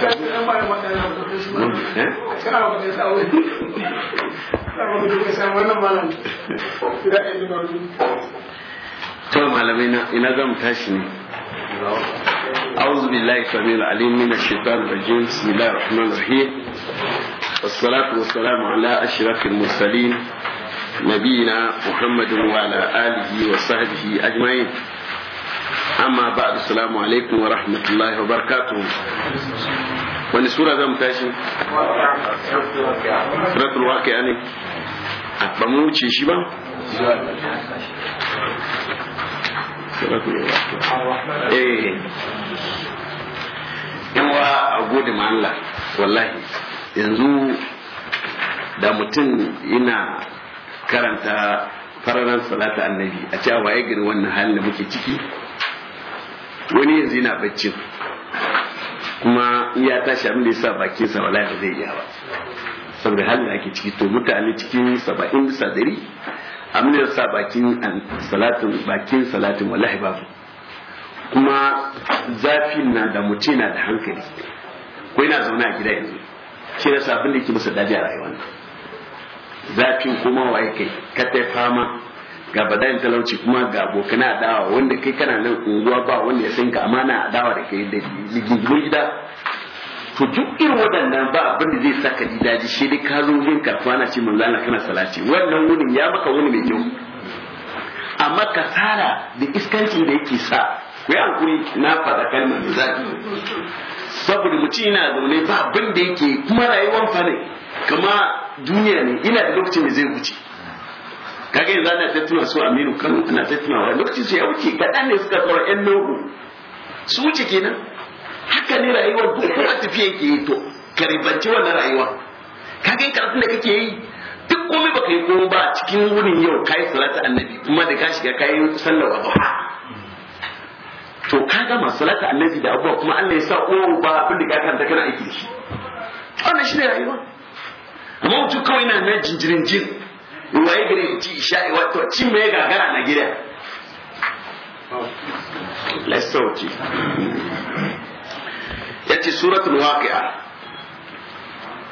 أعوذ بالله السميع العليم من الشيطان الرجيم بسم الله الرحمن الرحيم والصلاة والسلام على أشرف المرسلين نبينا محمد وعلى آله وصحبه أجمعين أما بعد السلام عليكم ورحمة الله وبركاته wani sura zan tashi suratul waqi'a ne ba mu wuce shi ba suratul waqi'a eh in wa a gode ma Allah wallahi yanzu da mutum ina karanta fararen salata annabi a cewa ya gani wannan halin da muke ciki wani yanzu yana baccin kuma ya tashi abin da ya sa bakin sa wala ba zai iya ba saboda halin da ake ciki to mutane cikin saba'in bisa dari abin da ya sa bakin salatin bakin salatin wallahi babu kuma zafin na da mutum na da hankali ko yana zaune a gida yanzu ke da sabon da ke masa daji a rayuwa zafin kuma wa kai ka fama ga badayin talauci kuma ga abokan adawa wanda kai kana nan unguwa ba wanda ya san ka amana adawa da kai da gingimin gida to duk irin waɗannan ba abin da zai saka ji daji shi dai ka zo yin karfa na ce manzo Allah kana salati wannan wurin ya maka wani mai kyau amma kasara da iskancin da yake sa ku yi hankuri na faɗa kalmar da zaki saboda mutum yana zaune ba abin da yake kuma rayuwar fa ne kama duniya ne ina da lokacin da zai wuce kaga yanzu ana ta tuna su aminu kano ana ta tuna wa lokacin su ya wuce kaɗan ne suka kawo yan nuhu su wuce kenan haka ne rayuwar duk kuma tafiya ke yi to karibanci wannan rayuwa kaga yin karatun da kake yi duk komai baka yi komai ba cikin wurin yau kayi salatu annabi kuma da ka shiga kayi sallar ba. to kaga masu salatu annabi da abuwa kuma Allah ya sa uwa oh, ba abin da ka kanta kana aiki da shi wannan ne rayuwa amma mutum kawai na nan jinjirin jin waye gari ci isha'i wato ci mai gagara na gida let's ya ce suratun suratul waqi'a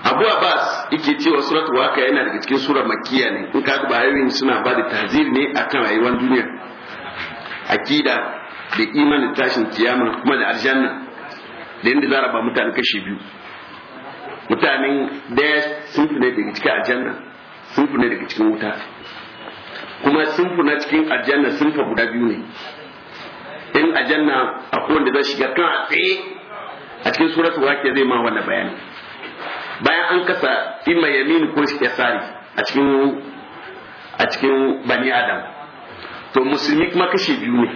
Abu Abbas yake cewa suratun waqi'a yana daga cikin sura makiya ne in ka ba yayin suna ba da tazir ne a kan rayuwar duniya akida da imanin tashin kiyama kuma da aljanna da yadda za a raba mutane kashi biyu mutanen daya sun fi ne daga cikin aljanna sunfu ne daga cikin wuta kuma sunfu na cikin aljanna sunfa guda biyu ne in aljanna akwai wanda zai shiga kan a a cikin suratul waqi'a zai ma wannan bayani bayan an kasa imma yamin ko yasari a cikin a cikin bani adam to musulmi kuma kashe biyu ne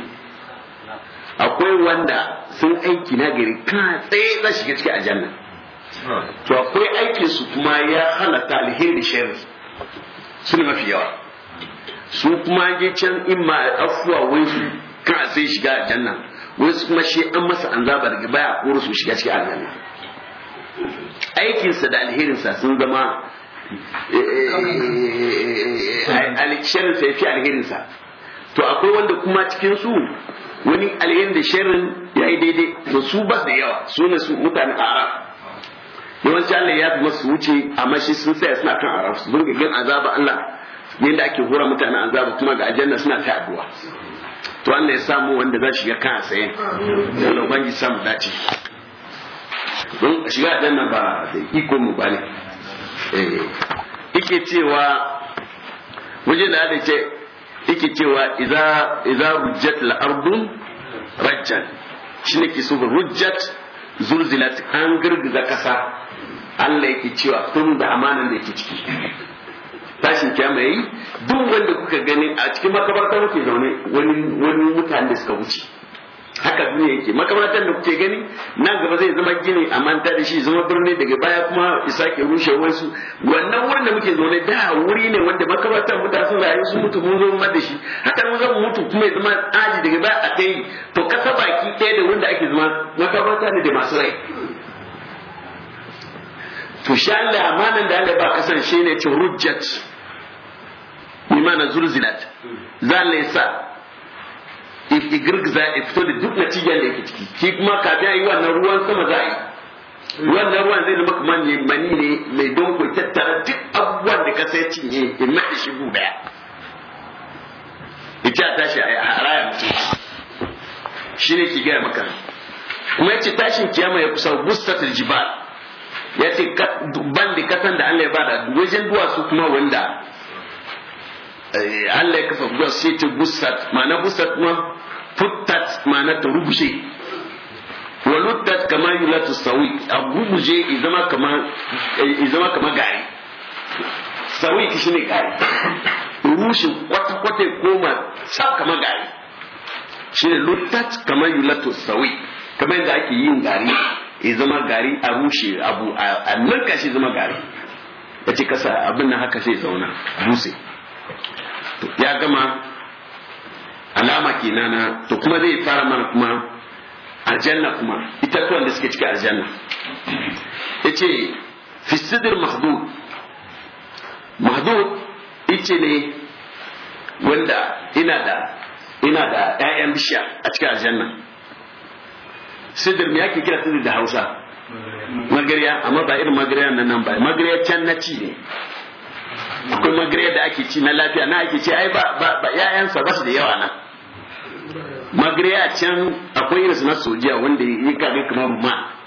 akwai wanda sun aiki na gari kan tsaye za shiga cikin aljanna to akwai aikin su kuma ya halatta alheri da sharri su ne mafi yawa su kuma je can in ma afuwa wai su kan sai shiga aljanna wai su kuma shi an masa an zaba daga baya koro su shiga cikin aljanna aikinsa da alherinsa sun zama alsharinsa eh, eh, eh, ya fi alherinsa to akwai wanda kuma cikin su wani alherin da sharin ya yi daidai to su ba da yawa su ne su mutane arab yawanci Allah ya kuma su wuce amma shi sun tsaya suna kan araf su burga gan azaba Allah yadda ake hura mutane azaba kuma ga aljanna suna ta addu'a to Allah ya samu wanda za shiga kan tsaye Allah ubangi samu dace don shiga aljanna ba da iko mu bane eh ike cewa wajen da Allah ce ike cewa idza idza rujjat al-ardu rajjan ne ke so rujjat zulzilat an girgiza kasa Allah yake cewa tun da amanan da yake ciki tashin kiyama yi duk wanda kuka gani a cikin makabarta muke zaune wani wani mutane da suka wuce haka duniya yake makabartar da kuke gani nan gaba zai zama gini a manta da shi zama birni daga baya kuma isa ke rushe wasu wannan wurin da muke zaune da wuri ne wanda makabartar muta sun rayu sun mutu mun zo mu da shi haka mun zama mutu kuma ya zama aji daga baya a kai to kasa baki ɗaya da wanda ake zama makabarta ne da masu rai to shi Allah amanan da Allah ba kasan shi ne ce rujjat imana zulzilat za la yasa girgiza ya fito da duk natijar da yake ciki ki kuma ka a yi wannan ruwan sama za a yi wannan ruwan zai zama kamar ne mani ne mai donko tattara duk abubuwan da ka sai cinye in mai shi gu daya ita tashi a raya mutum shi ne ki gaya maka kuma ya ce tashin kiyama ya kusa gustatul jibal ya ce ban da kasan da Allah ya bada wajen duwatsu kuma wanda eh, Allah ya kafa duwatsu sai ta gusat ma'ana gusat kuma futtat ma'ana ta rubushe waluttat kama yi latu sawi a rubuje izama kama gari sawi shi ne gari rushin kwata-kwata koma sa kama gari shi ne luttat kama latu sawi kama yadda ake yin gari ya zama gari a rushe abu a narka shi zama gari ya ce kasa abin nan haka sai zauna dutse ya gama alama kenan na to kuma zai fara mana kuma aljanna kuma itatuwan wanda suke cikin aljanna ya ce fisidir mahdud mahdud ice ne wanda ina da ina da 'ya'yan bishiya a cikin aljanna sidir me yake kira sidir da hausa magariya amma ba irin magariya nan nan ba magariya can na ci ne akwai magariya da ake ci na lafiya na ake ci ai ba ba yayansa ba su da yawa na magariya can akwai irin na sojiya wanda yake kamar ma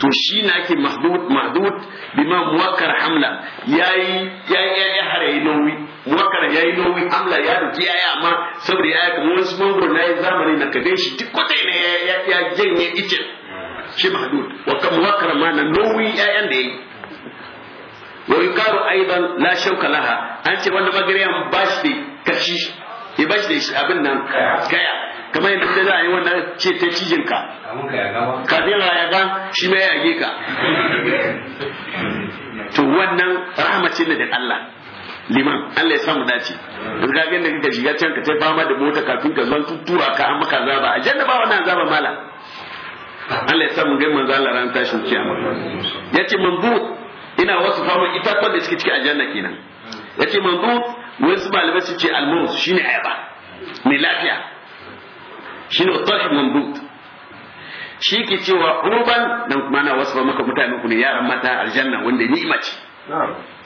to shi na ake mahdud mahdud bima muwakkar hamla yayi yayi ya hare nauyi muwakkar yayi nauyi hamla ya duki yayi amma saboda yayi kuma wasu mangoro na yi zamani na kadan shi duk kwata ne ya ya janye ice shi mahdud wa kam muwakkar ma na nauyi yayan da yayi wa yukaru aidan la shauka laha an ce wanda magariyan bashi da kashi ya bashi da abin nan kaya kamar yadda da za a yi wannan ce ta cijin ka kafin raya ga shi mai yage ka to wannan rahmacin da Allah liman Allah ya samu dace duk ga da kika shiga can ka ta fama da mota kafin ka zan tuttura ka an maka zaba janna ba wannan zaba mala Allah ya samu gain zalla ran tashin kiyama yace manzo ina wasu fama ita kwan da suke a aljanna kenan yace manzo wasu malamai su ce almus shine ayaba mai lafiya shine ne mamdud shi ke cewa urban dan kuma na wasu maka mutane ku ne yaran mata aljanna wanda ni mace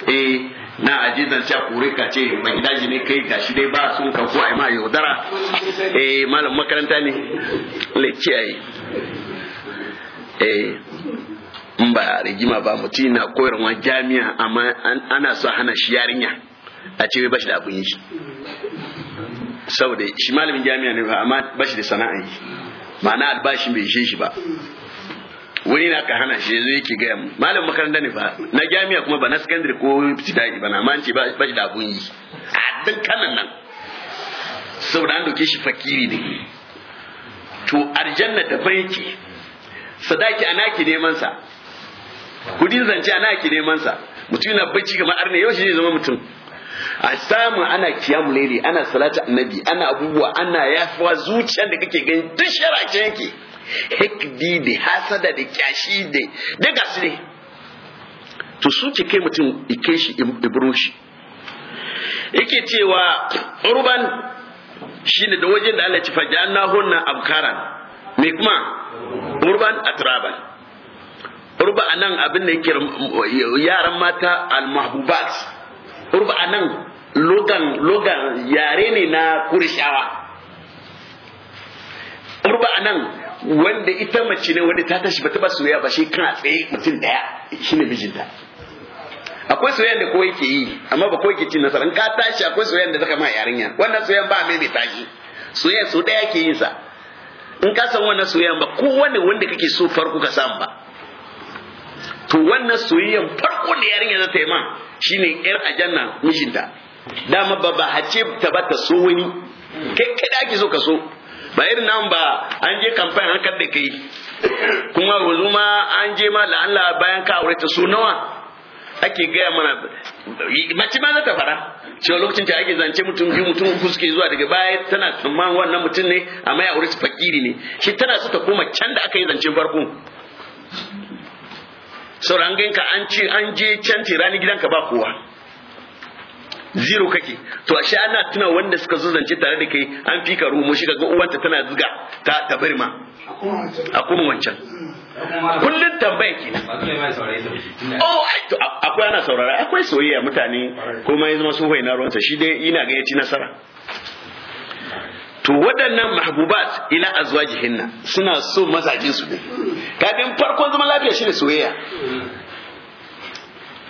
eh na ajizan cha kure ka ce ba daji ne kai gashi dai ba sun ka ko ai ma yaudara eh malam makaranta ne lece ai eh in ba rigima ba mutum na koyarwa jami'a amma ana so hana shi yarinya a ce ba shi da abin yi saboda shi malamin jami'a ne ba amma ba shi da sana'a yi ma'ana albashi bai ishe shi ba wani na ka hana shi yanzu yake gaya mu malamin makaranta ne ba na jami'a kuma ba na secondary ko ibtidai ba na amma ce ba shi da abun yi a duk nan saboda an doke shi fakiri ne to aljanna da yake sadaki ana ki neman sa kudin zance ana ki neman sa mutum yana bacci kamar arne yau shi zai zama mutum a samu ana kiyamu laili ana salatu annabi ana abubuwa ana yafuwa zuciyar da kake gani duk sharace yake hikdi da hasada da kyashi da daga su ne to su ke kai mutum ike shi ibro shi yake cewa urban shine da wajen da Allah ci fajanna hunna abkaran me kuma urban atraban urba anan abin da yake yaran mata al-mahbubat urba a nan logan yare ne na kurishawa urba a nan wanda ita mace ne wanda ta tashi ba ba soyayya ba shi kan a tsaye mutum daya ne mijinta akwai soyayya da kowa yake yi amma ba kowa yake ci nasara in ka tashi akwai soyayya da zaka ma yarinya wannan soyayya ba mai mai tashi soyayya so daya ke yin sa in ka san wannan soyayya ba ko wanda kake so farko ka samu ba to wannan soyayyan farko da yarinya za ta yi ma shine yar ajanna mijinta dama ba ba hace ta ba ta so wani kai kai da ake so ka so ba irin nan ba an je kamfani an da kai kuma yanzu ma an je ma la'alla bayan ka aure ta so nawa ake gaya mana mace ma za ta fara cewa lokacin da ake zance mutum biyu mutum uku suke zuwa daga baya tana tsamman wannan mutum ne amma ya aure fakiri ne shi tana so ta koma can da aka yi zancen farko sauran ganka an ce an je can rani gidanka ba kowa zero kake to ashe ana tuna wanda suka zo zance tare da kai an fi ka rumo shi ga uwanta tana zuga ta tabarma a kuma wancan kullun tambaya ke oh to akwai ana saurara akwai soyayya mutane kuma yanzu masu sun na ruwansa shi dai ina ga ya ci nasara to waɗannan mahbubat ila azwajihinna suna so mazajin su ne kafin farkon zaman lafiya shine soyayya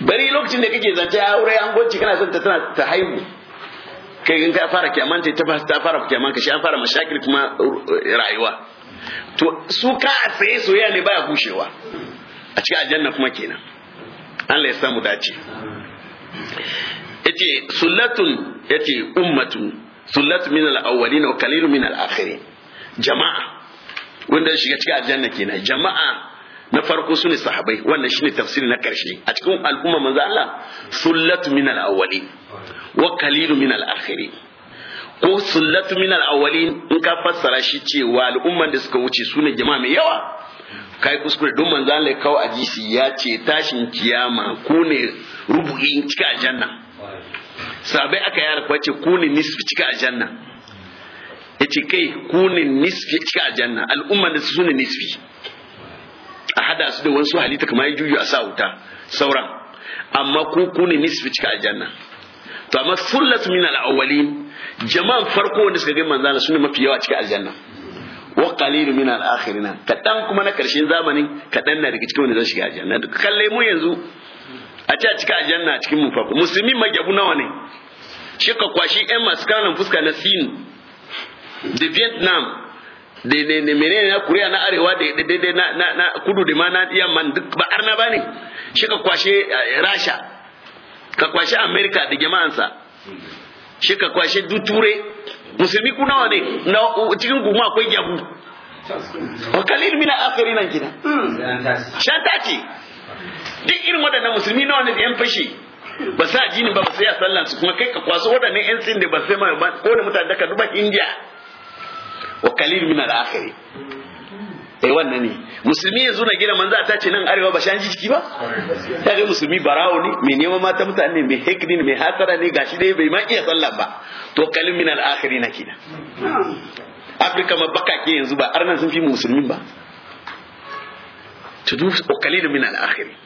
bari lokacin da kake zance aure an gwanci kana son ta tana ta haihu kai in ka fara kiyaman ta ta fara kiyaman ka shi an fara mashakil kuma rayuwa to su ka a soyayya ne baya gushewa a cikin aljanna kuma kenan Allah ya samu dace yace sullatun yace ummatun Sullatu min al-awwalin wa qalilun min al-akhirin jama'a wanda ya shiga cikin aljanna kenan jama'a na farko sune sahabbai wannan shine tafsiri na karshe a cikin al'umma manzo Allah sullat min al-awwalin wa qalilun min al-akhirin ko sullatu min al-awwalin in ka fassara shi cewa al'umman da suka wuce sune jama'a mai yawa kai kuskure don manzo Allah kawo ajisi ya ce tashin kiyama Ko ne rubu'in cikin aljanna sabai aka yara kuwa ce ku nisfi cika aljanna ya ce kai ku ne nisfi cika aljanna al'umma da su ne nisfi a hada su da wasu halitta kamar juju a sa wuta sauran amma ku ku nisfi cika aljanna to amma sullat min al-awwalin jama'an farko wanda suka ga manzana sune mafi yawa cikin aljanna wa qalilu min al-akhirina kadan kuma na karshen zamani kadan na daga cikin wanda zai shiga aljanna duk kalle mu yanzu a ce a cika aljanna cikin mu fa musulmi magyabu nawa ne shi ka kwashi yan masu kanan fuska na sin da vietnam da ne ne menene na korea na arewa da da na na kudu da ma na yamma duk ba arna ba ne shi eh, ka kwashe rasha ka kwashe america da jama'ansa shi ka kwashe duk turai musulmi ku nawa ne na cikin guma akwai gyabu wa kalil mina akhirin nan kina hmm. shanta ce duk irin waɗannan musulmi nawa ne yan fashi ba sa jini ba sai a sallan su kuma kai ka kwaso waɗannan yan tsin da ba sai mai ba ko da mutane da ka duba indiya wa kalil min al-akhir eh wannan ne musulmi yanzu na gina manzo ta ce nan arewa ba shan jiki ba ta ga musulmi barawo ne mai neman mata mutane mai hekdin mai hasara ne gashi dai bai ma iya sallan ba to kalil min al-akhir na kina afirka ma baka ke yanzu ba arnan sun fi musulmi ba to duk kalil min al-akhir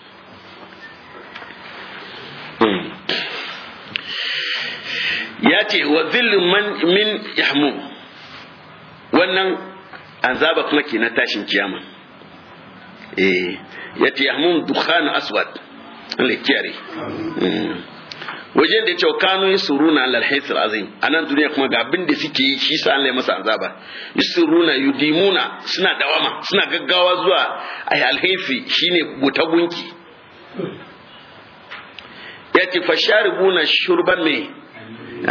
ya ce wa zillin man min yahmu wannan azaba kuma ke na tashin kiyama eh ya ce yahmu dukhan aswad ne kiyare hmm. wajen da cewa kanu yusuruna lal alal azim a nan duniya kuma ga abin da suke yi shi sa Allah masa azaba yusuruna yudimuna suna dawama suna gaggawa zuwa a alhaisi shine buta gunki ya ce fasharibuna shurban me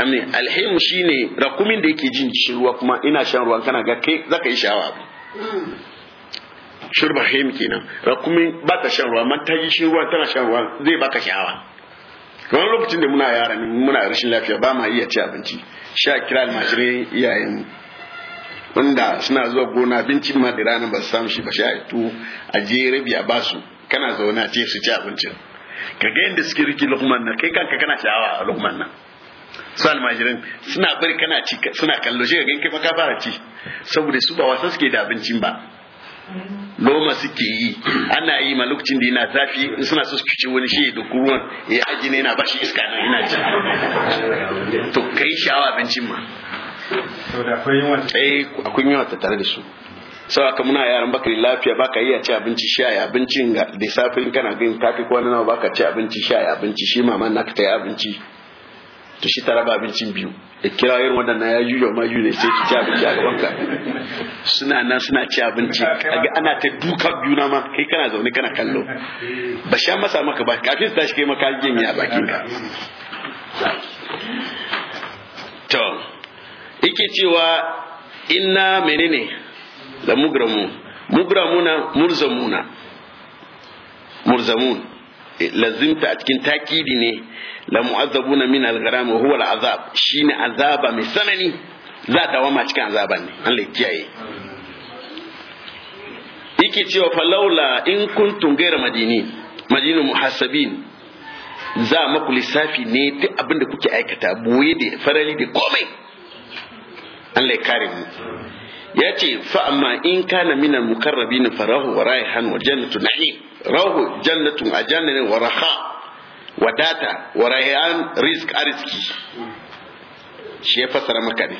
amin alhimu shine rakumin da yake jin ruwa kuma ina shan ruwan kana ga kai zaka yi shawa shurba haim kenan rakumin ba ta shan ruwa man ta yi ruwa tana shan ruwa zai baka shawa kamar lokacin da muna yara muna rashin lafiya ba ma iya ci abinci sha kira almajirin iyayen wanda suna zuwa gona binci ma da ranar ba su samu shi ba sha a jere rabi ba basu kana zaune a ce su ci abincin ka ga yadda suke riki lukman nan kai kanka kana sha'awa a lukman nan su almajirin suna bari kana ci suna kallo shi ga kai maka fara ci saboda su ba wasa suke da abincin ba loma suke yi ana yi ma lokacin da yana zafi suna so su ci wani shi da kuruwan ya aji ne yana ba shi iska nan yana ci to kai sha'awa abincin ma akwai yawa ta eh, da su sau aka muna yaran baka yi lafiya baka iya ci abinci sha ya abinci da safin kana gani kafi kwanan nawa baka ci abinci sha ya abinci shi mama naka ta yi abinci to shi tara ba abincin biyu ya kira irin waɗannan ya yuyo ma yuyo ne sai ki ci abinci a gaban ka suna nan suna ci abinci kaga ana ta duka biyu na ma kai kana zaune kana kallo ba sha masa maka ba kafin su tashi kai maka jin ya bakin ka to yake cewa inna menene da mugramu mugramuna murzamuna murzamun eh, lazimta a cikin takidi ne la mu'azzabuna min al-gharam huwa al-azab shine azaba mai sanani za ta wama cikin azaban ne Allah ya kiyaye yake cewa laula in kuntum gaira madini madinu muhasabin za maku lissafi ne duk abin da kuke aikata boye da farali da komai Allah ya kare mu ya ce fa amma in kana minal mukarrabin farahu wa raihan wa jannatu na'im rahu jannatu a jannatin wa raha wadata wa raihan a arziki shi ya fasara maka ne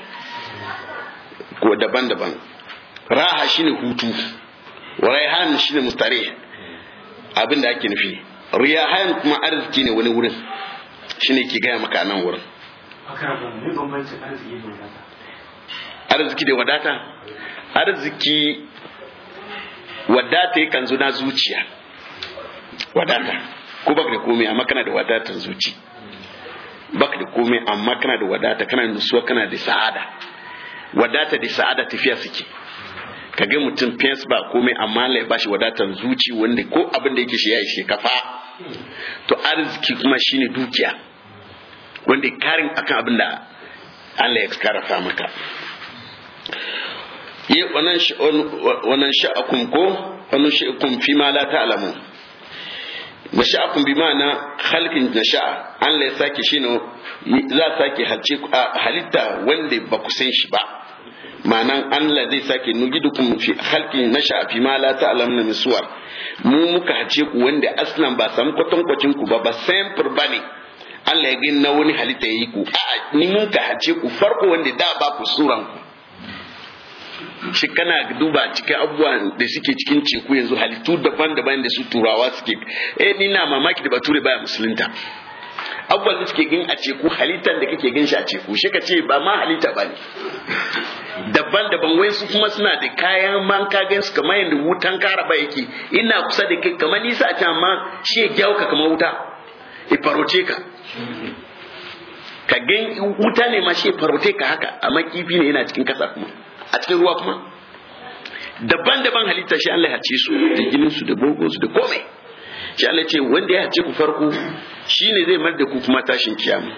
ko daban-daban raha shine hutu wa raihan shine mustare abin da ake nufi riyahan kuma arziki ne wani wurin shine ke gaya maka nan wurin akan ne bambanci arziki da arziki da wadata arziki wadata yakan zo na zuciya wadata ko baka da komai amma kana da wadatar zuci baka da komai amma kana da wadata kana da nutsuwa kana da sa'ada wadata da sa'ada tafiya suke ka ga mutum fes ba komai amma lai ba bashi wadatar zuci wanda ko abin da yake shi ya ishe kafa to arziki kuma shine dukiya wanda karin akan abin da Allah ya karafa maka yi wannan sha'akun ko wannan sha'akun fi ma la ta'lamu na sha'akun bi ma'ana halkin na sha'a an la sake shi ne za a sake halitta wanda ba ku san shi ba Manan an la zai sake nugidukum fi halkin na sha'a fi ma la ta'lamu na misuwar mu muka hace ku wanda aslan ba samu kwatankwacin ku ba ba san furbani Allah ya gina wani halitta ya yi ku Ni ni muka hace ku farko wanda da ba ku suran ku shi kana duba cikin abubuwa da suke cikin ceku yanzu halittu daban-daban da su turawa suke eh ni na mamaki da bature baya musulunta abubuwan da suke gin a ceku halittar da kake gin shi a ceku shi ka ce ba ma halitta ba ne daban-daban su kuma suna da kayan man ka gan su kamar yadda wutan karaba yake ina kusa da kai kamar nisa a can ma shi ya gyauka kamar wuta ya faroce ka ka gan wuta ne ma shi ya faroce ka haka amma kifi ne yana cikin kasa kuma a cikin ruwa kuma daban-daban halitta shi Allah ya ce su da jinin su da bogon su da komai shi Allah ce wanda ya ce ku farko shine zai mar da ku kuma tashin kiyama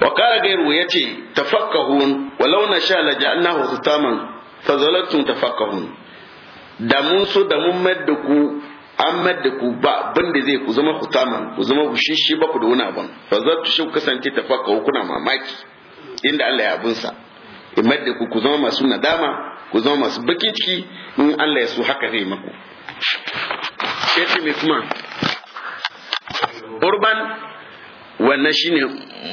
wa qala gairu ce tafakkahun walau na sha la ja'alnahu hutaman fazalatum tafakkahun da mun so da mun mar da ku an mar da ku ba abin da zai ku zama hutaman ku zama bushishi ba ku da wani abun fazalatu shi ku kasance tafakkahu kuna mamaki inda Allah ya abunsa imar da ku ku zama masu nadama ku zama masu baki ciki in Allah ya so haka zai maku shefi misman urban wannan shine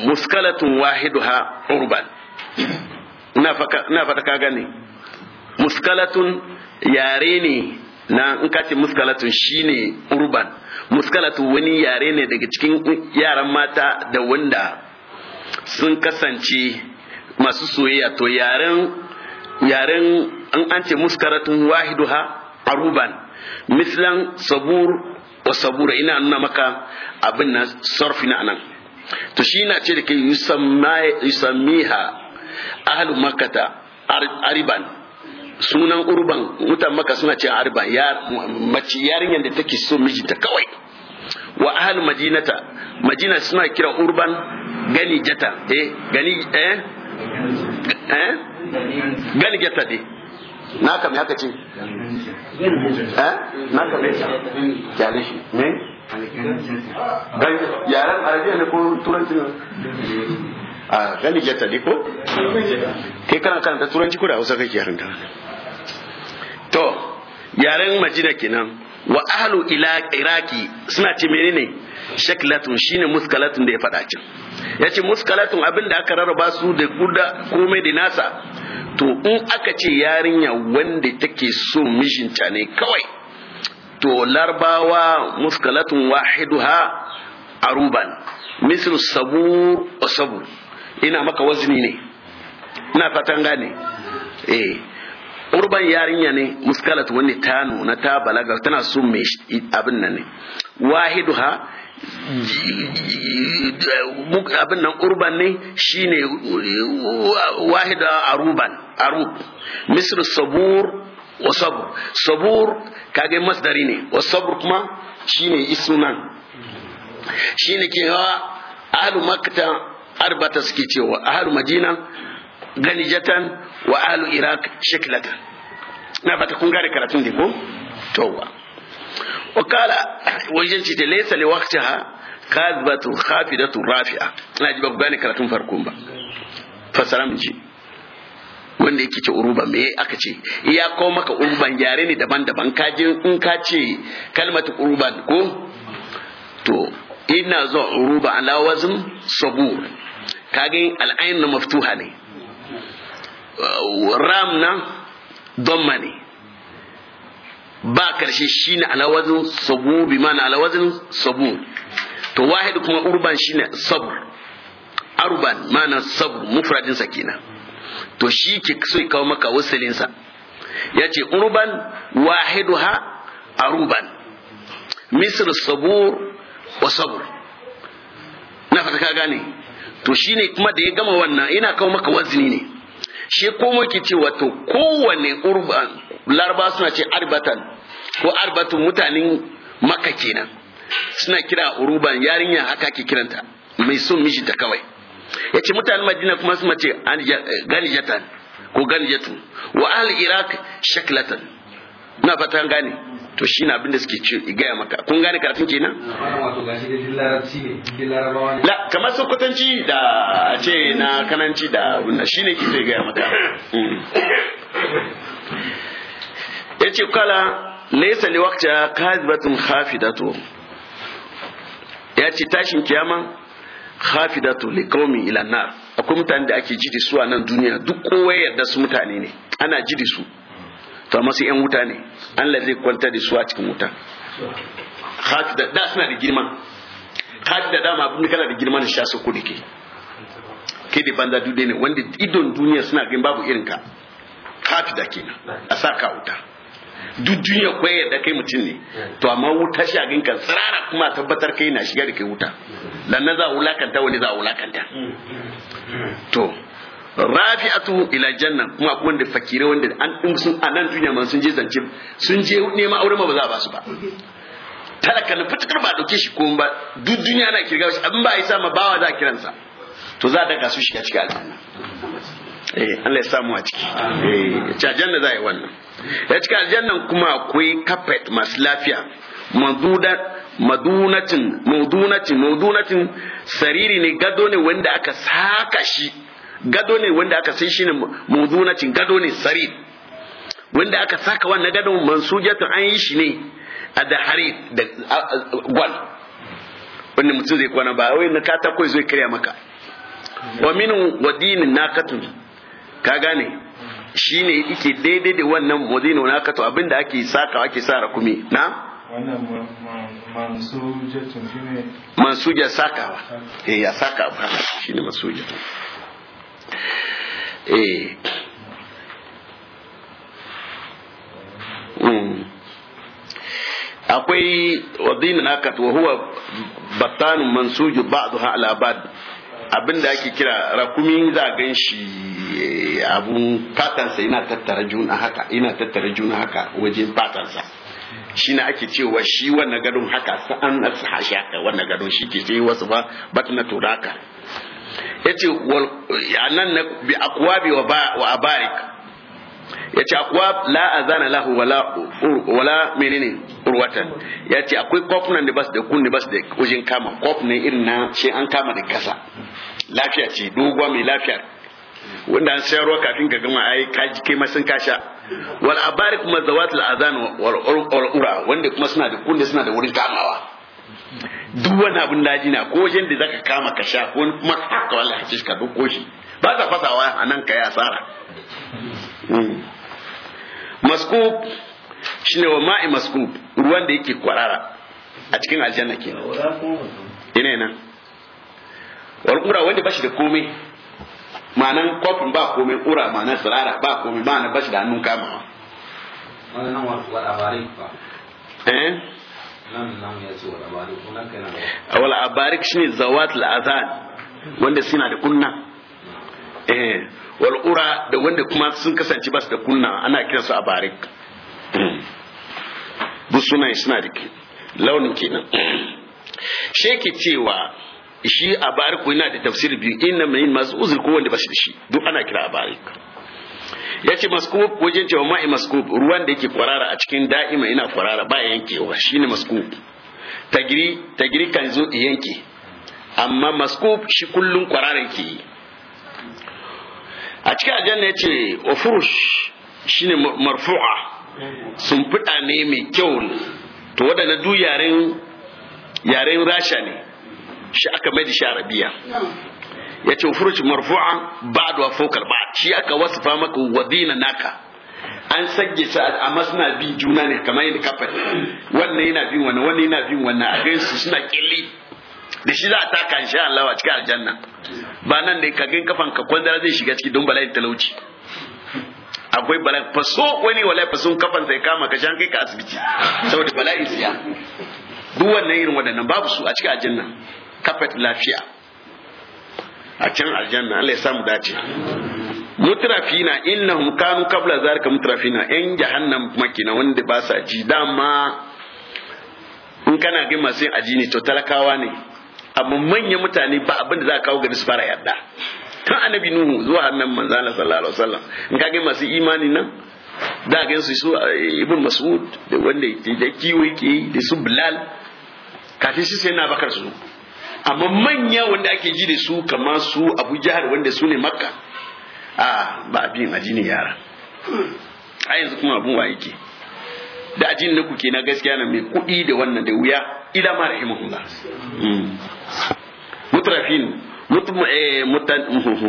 muskalatun wahiduha urban ina fata ka gane muskalatun yare ne na in ka ce muskalatun shine urban muskalatu wani yare ne daga cikin yaran mata da wanda sun kasance masu soyayya to yaren yaren an an ce muskaratun wahiduha aruban mislan sabur wa sabura ina nuna maka abin nan sarfi na anan to shi na ce da ke yusammiha ahlu makata ariban sunan urban mutan maka suna ce ariban mace yarinyar da take so mijinta kawai wa ahlu madinata madina suna kira urban gani jata eh gani eh eh galgata dai na kam ya kace eh? eh na kam ya kyale shi ne yaran arabiya ne ko turanci ne a galgata dai ko ke kana kana karanta turanci ko da hausa kake yaran to yaran majina kenan wa ahlu iraki suna ce menene shaklatun shine muskalatun da ya faɗa cin yace muskalatun abin da aka rarraba su da guda komai da nasa to in aka ce yarinya wanda take so mijinta ne kawai to larbawa muskalatun wahiduha aruban misru sabu wa sabu ina maka wazni ne ina fatan gane eh urban yarinya ne muskalat wani ta nuna ta balaga tana so mai abin nan ne wahidu ha abin nan urban ne shine wahidu aruban arub misr sabur wa sabur sabur kage masdari ne wa sabur kuma shine isunan shine ke hawa ahlu makka ta suke cewa ahlu madina ganijatan wa alu iraq shiklata na fata kun gane karatun ne ko tawwa wa kala wajen ce laysa li waqtaha kadbatu khafidatu rafi'a ina ji ba ku gane karatun farkon ba fasara mu ji wanda yake ce uruba me aka ce ya ko maka uruban yare ne daban-daban ka je in ka ce kalmatu uruban ko to ina zo uruba ala wazn sabur kage al'ain na maftuha ne Uh, ram nan ne ba karshe shine alawazin sabu bi mana alawazin sabu to wahid kuma urban shine sabr arban mana sabu mufradin sa kenan to shi ke so kawo maka wasalin sa yace urban wahiduha aruban misr sabu wa sabr na fata ka gane to shine kuma da ya gama wannan yana kawo maka wazini ne shi ko muke ce wato kowane urban larba suna ce arbatan ko Arbatu mutanen maka kenan suna kira urban yarinya haka ke kiranta mai son miji ta kawai yace ce mutanen madina kuma suna ce eh, ganijatan ko ganijatun wa al iraq shaklatan na fatan gane to shi na abinda suke ce gaya maka kun gane karatun ke nan la kamar sokotanci da ce na kananci da wannan ne ki zai gaya maka hmm. yace kala laysa liwaqta kadhibatun khafidatu yace tashin kiyama khafidatu liqaumin ila nar akwai mutane da ake ji da su a nan duniya duk kowa yarda su mutane ne ana ji su to amma sai yan wuta ne Allah zai kwanta da su a cikin wuta hatu da da suna da girma hatu da dama abin da kana da girma ne sha sako da ke ke da banza dude ne wanda idon duniya suna gani babu irin ka hatu da kenan a sa ka wuta duk duniya kwaye yadda kai mutum ne to amma wuta shi a ganka tsirara kuma a tabbatar kai na shiga da kai wuta lannan za a wulakanta wani za a wulakanta to rafi'atu ila janna kuma akwai wanda fakire wanda an din sun a nan duniya man sun je zance sun je nema aure ma ba za a ba su ba talaka na fitar ba dauke shi ko ba duk duniya na kirga shi abin ba ya sa ma bawa za kiransa to za a daga su shiga cikin aljanna eh Allah ya samu a ciki eh ci aljanna za a yi wannan ya cika aljanna kuma akwai carpet masu lafiya madunatin madunatin madunatin sariri ne gado ne wanda aka saka shi gado ne wanda aka san shi ne mudunacin gado ne sarid wanda aka saka wannan gadon mansujatu an yi shi ne a da hari da gwal wanda mutum zai kwana ba wai na katako zai kirya maka wa min wadin nakatun ka gane shine yake daidai da wannan wadin nakatu abinda ake saka ake sa rakumi na Wannan mansuja sakawa eh ya saka ba shine mansuja eh hmm. akwai wadinin akat wa huwa battanun mansuju ba'daha ala ba'd abinda ake kira rakumi za gan shi eh, abun fatansa yana tattara juna haka yana tattara juna haka wajen fatansa shi na ake cewa shi wannan gadon haka sa'an na su haka wannan gadon shi ke sai wasu ba na turaka yace wal annan bi aqwabi wa wa abarik yace akwab la azana lahu wala wala menene urwatan yace akwai kofunan da bas da kunni bas da wajen kama kofne irin na shi an kama da kasa lafiya ce doguwa mai lafiya wanda an sayarwa kafin ka gama ai kaji kai sun kasha wal abarik kuma al azan wal ura wanda kuma suna da kunni suna da wurin kamawa duk wani abin daji na ko wajen da zaka kama ka sha ko kuma haka wallahi ce ka duk koshi ba za fasawa a nan ka yi asara hmm. maskub shine wa ma'i maskub ruwan da yake kwarara a cikin aljanna ke ina ina wal qura wanda bashi da komai ma'anan kofin ba komai qura ma'anan sirara ba komai ma'anan bashi da hannun kamawa wannan wani labarai ba eh wal abarik shine zawat al azan wanda suna da kunna eh wal ura da wanda kuma sun kasance ba su da kunna ana kiransu abarik hmm. duk suna suna da launin kenan she ke cewa shi a barik yana da tafsir biyu inna mai masu uzur ko wanda ba shi da shi duk ana kira a barik yace maskub wajen cewa ma'i maskub ruwan da yake kwarara a cikin da'ima yana kwarara ba yankewa shine maskub tagiri tagiri kan zo yanke amma maskub shi kullun kwarara ke yi a cikin aljanna yace ufurush shine marfu'a sun fita ne mai kyau to wadana du yaren rasha ne shi aka mai da shi arabiya ya ce furuci marfu'a ba wa fawqa ba'd shi aka wasfa maka wadina naka an sage sa a masna bi juna ne kamar yadda ka faɗi wannan yana bin wannan wannan yana bin wannan a su suna kili da shi za a taka insha Allah a cikin aljanna ba nan da ka gan kafan ka kwandara zai shiga ciki don bala'in talauci akwai bala'i faso wani wala faso kafan sai kama ka shan kai ka asibiti saboda bala'in siya duk wannan irin waɗannan babu su a cikin aljanna kafat lafiya a can aljanna Allah ya samu dace mutrafina innahum kanu qabla zalika mutrafina yan jahannam makina wanda ba sa ji dama in kana ga masu aji ne to talakawa ne amma manya mutane ba abin da za ka kawo gari su fara yadda tun annabi nuhu zuwa annan manzo sallallahu alaihi wasallam in ka ga masu imani nan da ga su su eh, ibn mas'ud da wanda da kiwo yake da su bilal kafin shi sai na bakar su amma manya wanda ake ji da su kamar su abu jihar wanda su ne makka a ba abin ajini yara hmm. a yanzu kuma abin wa yake da ajin na kuke na gaskiya na mai kuɗi da wannan da wuya ila ma rahimahullah hmm. mutrafin eh,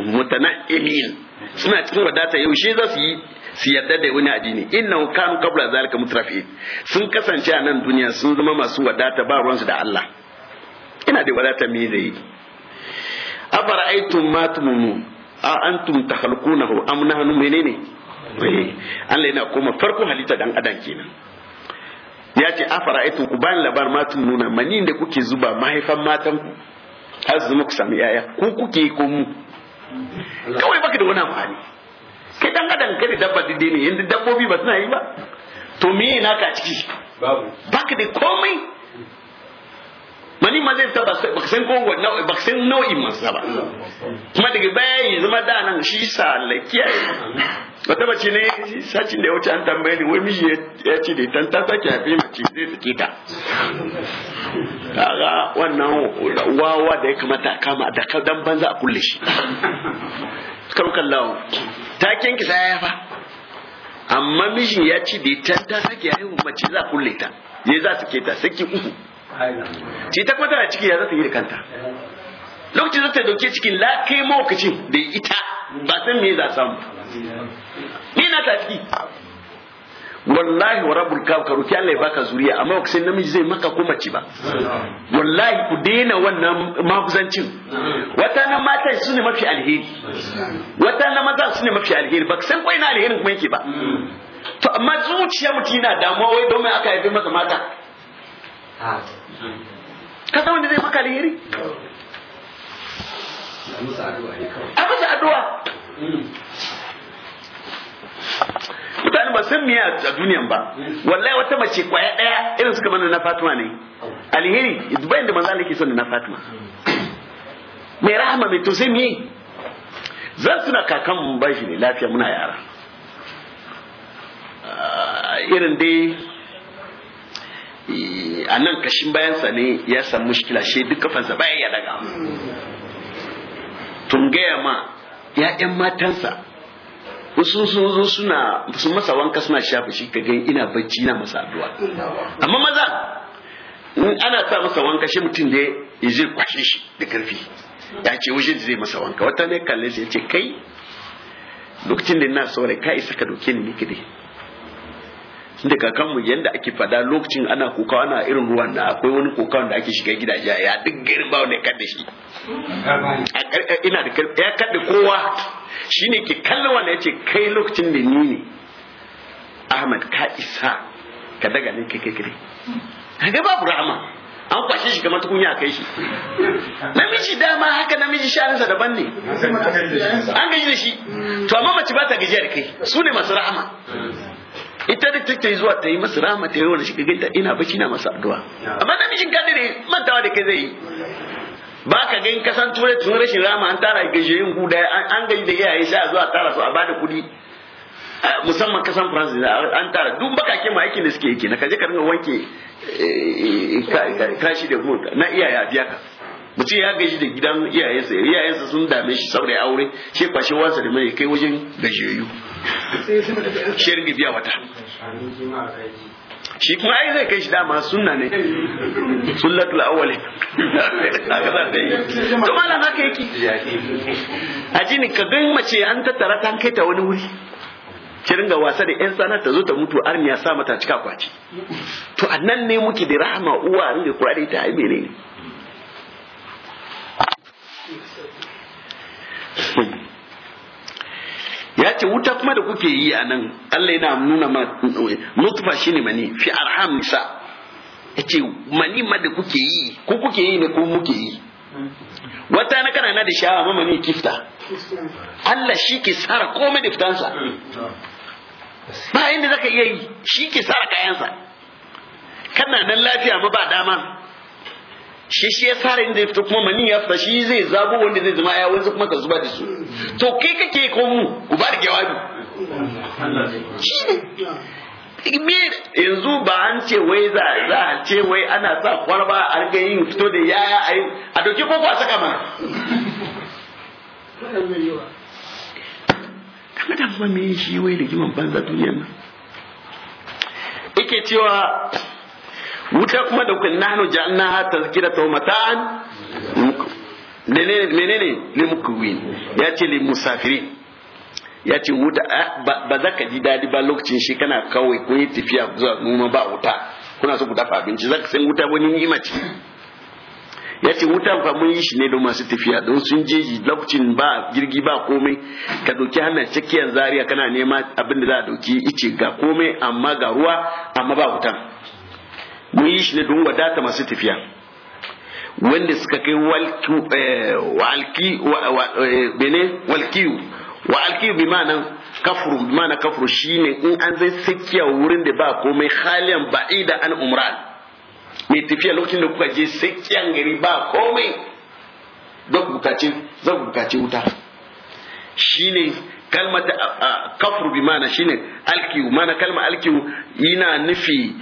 mutana'imin suna cikin wadata yau shi za su yi su yarda da wani addini innahu kanu kabla zalika mutrafin sun kasance a nan duniya sun zama masu wadata ba ruwansu da Allah ina da wadata me zai yi afara aitum matumumu a antum takhluqunahu am nahnu menene eh, Allah yana koma farkon halitta dan adam kenan ya ce afara aitum ku bayan labar matun nuna mani da kuke zuba mahaifan matan ku har ku sami yaya ku kuke ko mu kawai baki da wani amfani kai dan adam kai dabba dide ne yanda dabbobi ba suna yi ba to me naka ciki babu baki da komai mani ma zai ta ba san ko ba san nau'in masa ba kuma daga baya yi zama da nan shi sa lakiya wata bace ne sacin da ya wuce an tambaye ni wai miji ya ce da tan ta sake haife mace zai sake ta kaga wannan wawa da ya kamata kama da dan banza a kulle shi karukan lawo ta kenki sa ya fa amma mijin ya ce da tan ta sake haihu mace za kulle ta ya za su ke ta saki uku ce ta kuma ciki ya za ta yi da kanta lokacin za ta dauke cikin la kai mawakacin da ita ba san me za samu ni na ta ciki wallahi wa rabbul kaf ka roki Allah ya baka zuriya amma ba san namiji zai maka ko mace ba wallahi ku daina wannan mafuzancin wata na mata su ne mafi alheri wata na maza su ne mafi alheri ba san ko na alherin kuma yake ba to amma zuciya mutum yana damuwa wai don aka haife masa mata ah. ka san wanda zai maka alheri a masa addu'a mutane ba san miya a duniyan ba wallahi wata mace kwaya daya irin suka mana na Fatima ne alheri dubai da manzo ke son na Fatima mai rahama mai to miye zan suna kakan mun bashi ne lafiya muna yara ah, irin dai Eh, a nan kashin bayansa ne ya samu mushkila shi duk kafansa baya ya daga tun gaya ma ya'yan matansa wasu sun suna sun masa wanka suna shafa shi ka gani ina bacci ina masa addu'a amma maza ana sa masa wanka shi mutum da ya je kwashe shi da karfi ya ce wajen zai masa wanka wata ne kalle sai ce kai lokacin da ina saurai ka isa ka doke ni ne kadai da kakanmu yadda ake fada lokacin ana kuka ana irin ruwan na akwai wani kuka da ake shiga gidaje ya duk gari ba wanda ya shi ina da ya kowa shine ke kallon wanda ce kai lokacin da ni ne Ahmad ka isa ka daga ne kai kai kaga babu rahama an kwashe shi kamar tukunya a kai shi namiji dama haka namiji sha'aninsa daban ne an gaji da shi to amma mace ba ta gajiya da kai su ne masu rahama ita da take zuwa ta yi masa rahama ta yi wani shi ganta ina baki na masa addu'a amma da mijin ka ne mantawa da kai zai yi ba ka ga in kasan ture tun rashin rahama an tara gajiyoyin guda an gaji da iyaye sai a zuwa tara su a bada kuɗi ah, musamman kasan France an tara duk bakake ma aikin da suke yake na kaje ka ringa wanke eh, eh, eh, kashi da gud na iyaye a biya ka mutum ya gaji da gidan iyayensa iyayensa sun dame shi saboda ya aure shi kwashe wansa da mai kai wajen gajiyayyu shi ringa biya wata shi kuma ai zai kai shi dama sunna ne sunnatul awwali haka za ta yi to malam haka yake a jini ka gan mace an tattara ta kai ta wani wuri ki ringa wasa da yan sana ta zo ta mutu armiya sa mata cika kwaci to annan ne muke da rahama uwa ringa kura da ita ai menene ya ce wuta kuma da kuke yi a nan Allah yana nuna ma shi ne mani fi arham nisa ya ce mani ma da kuke yi ko kuke yi ne ko muke yi wata na kana na da sha'awa ma mani kifta Allah shi ke sara komai da fitansa ba inda zaka iya yi shi ke sara kayansa kana nan lafiya ma ba dama shi shi ya tsara inda ya fito kuma mani ya fita shi zai zabo wanda zai zama ya wanzu kuma ka zuba da su to kai kake ko mu ku ba da jawabi yanzu ba an ce wai za a ce wai ana sa ba a riga yin fito da yaya a yi a doki ko a saka mana kama da ba mai shi wai da giman banza duniya ma yake cewa wuta kuma da kun nahnu ja'alnaha tazkiratan mata'an menene limkuwin ya ce musafiri. ya ce wuta eh, ba za ka ji dadi ba lokacin shi kana kawai ko yi tafiya zuwa noma ba wuta kuna so ku dafa abinci za ka san wuta wani ni'ima ce ya ce wuta fa mun yi shi ne don masu tafiya don sun je lokacin ba jirgi ba komai ka doki hannun cikiyar zaria kana nema abin da za a doki ice ga komai amma ga ruwa amma ba wutan mun shi ne don wadata masu tafiya wanda suka kai eh, walki eh, walkiyu wa alkiyu bi ma'anan kafuru bi ma'anan shi shine in an zai sakiya wurin da ba komai haliyan ba'ida an umran mai tafiya lokacin da kuka je sakiyan gari ba komai zan bukaci wuta shi ne. kalmar kafur bi mana shine alkiyu mana kalmar alkiyu yana nufi